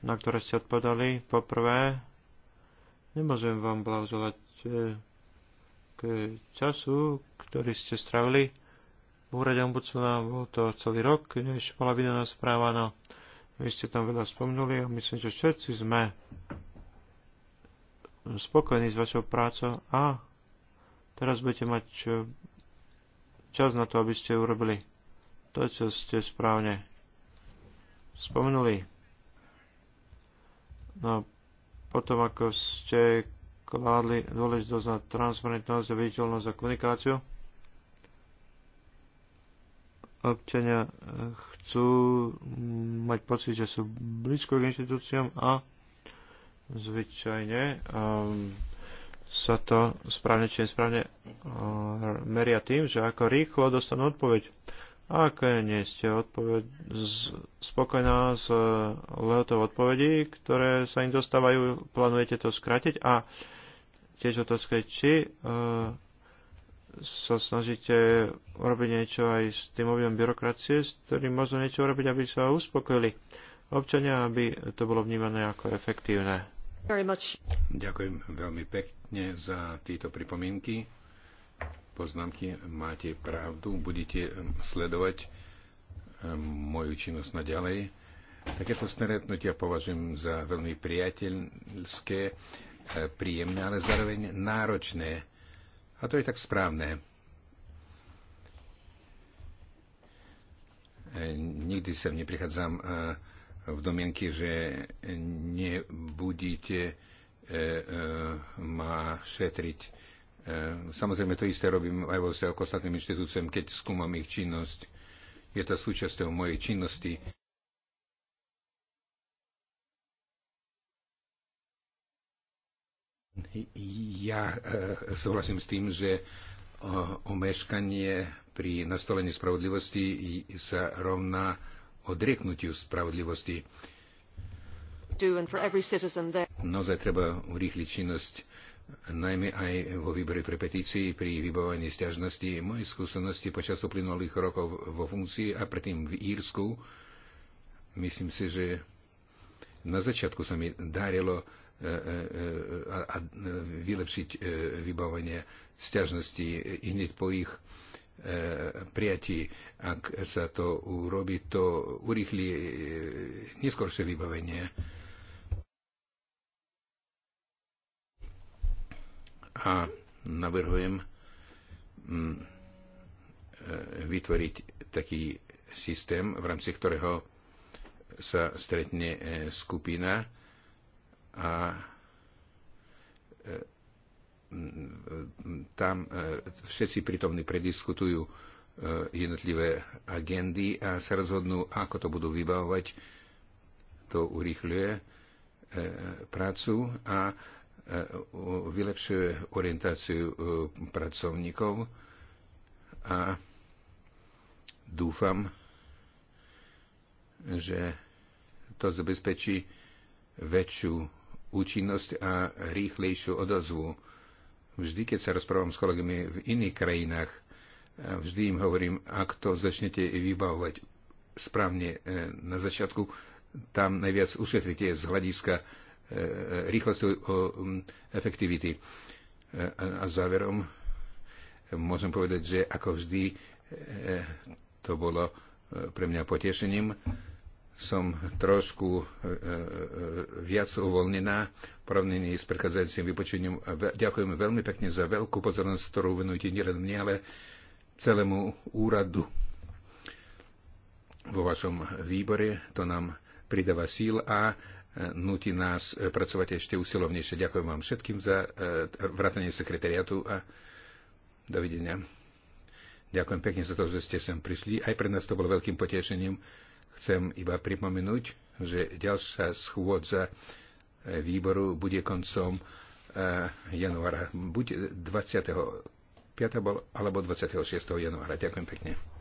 Speaker 3: na ktoré ste odpovedali. Poprvé, nemôžem vám blahoželať e, k času, ktorý ste stravili. V úrade ombudsmana bol to celý rok, než bola vydaná správa, no vy ste tam veľa spomnuli a myslím, že všetci sme spokojní s vašou prácou a teraz budete mať e, čas na to, aby ste urobili to, čo ste správne spomenuli. No potom, ako ste kládli dôležitosť na transparentnosť, a viditeľnosť a komunikáciu, občania chcú mať pocit, že sú blízko k inštitúciám a zvyčajne um, sa to správne či nesprávne eh, meria tým, že ako rýchlo dostanú odpoveď. A ak nie ste odpoveď, spokojná s eh, lehotou odpovedí, ktoré sa im dostávajú, plánujete to skrátiť a tiež otázka, či e, sa snažíte urobiť niečo aj s tým objemom byrokracie, s ktorým možno niečo urobiť, aby sa uspokojili občania, aby to bolo vnímané ako efektívne.
Speaker 2: Ďakujem veľmi pekne za tieto pripomienky. Poznámky máte pravdu, budete sledovať ehm, moju činnosť naďalej. Takéto stretnutia považujem za veľmi priateľské, ehm, príjemné, ale zároveň náročné. A to je tak správne. Ehm, nikdy sem neprichádzam v domienke, že nebudete e, e, ma šetriť. E, samozrejme, to isté robím aj vo vzťahu k ostatným inštitúciám, keď skúmam ich činnosť. Je to súčasťou mojej činnosti. Ja súhlasím s tým, že omeškanie pri nastolení spravodlivosti sa rovná odrieknutiu spravodlivosti. Naozaj treba urýchliť činnosť najmä aj vo výbore pre petícii pri vybavovaní stiažnosti. Moje skúsenosti počas uplynulých rokov vo funkcii a predtým v Írsku, myslím si, že na začiatku sa mi darilo e, e, e, a, vylepšiť vybavenie stiažnosti hneď po ich E, prijatí. Ak sa to urobí, to urýchli e, neskôršie vybavenie. A navrhujem mm, e, vytvoriť taký systém, v rámci ktorého sa stretne skupina a tam e, všetci prítomní prediskutujú e, jednotlivé agendy a sa rozhodnú, ako to budú vybavovať. To urýchľuje e, prácu a vylepšuje orientáciu pracovníkov a dúfam, že to zabezpečí väčšiu účinnosť a rýchlejšiu odozvu Vždy, keď sa rozprávam s kolegami v iných krajinách, e, vždy im hovorím, ak to začnete vybavovať správne e, na začiatku, tam najviac ušetríte z hľadiska e, rýchlosti efektivity. A záverom môžem povedať, že ako vždy to bolo pre mňa potešením som trošku e, e, e, viac uvoľnená v porovnaní s predchádzajúcim vypočením. Ďakujem veľmi pekne za veľkú pozornosť, ktorú venujete nielen mne, ale celému úradu vo vašom výbore. To nám pridáva síl a nutí nás pracovať ešte usilovnejšie. Ďakujem vám všetkým za vrátanie sekretariatu a dovidenia. Ďakujem pekne za to, že ste sem prišli. Aj pre nás to bolo veľkým potešením. Chcem iba pripomenúť, že ďalšia schôdza e, výboru bude koncom e, januára. Buď 25. alebo 26. januára. Ďakujem pekne.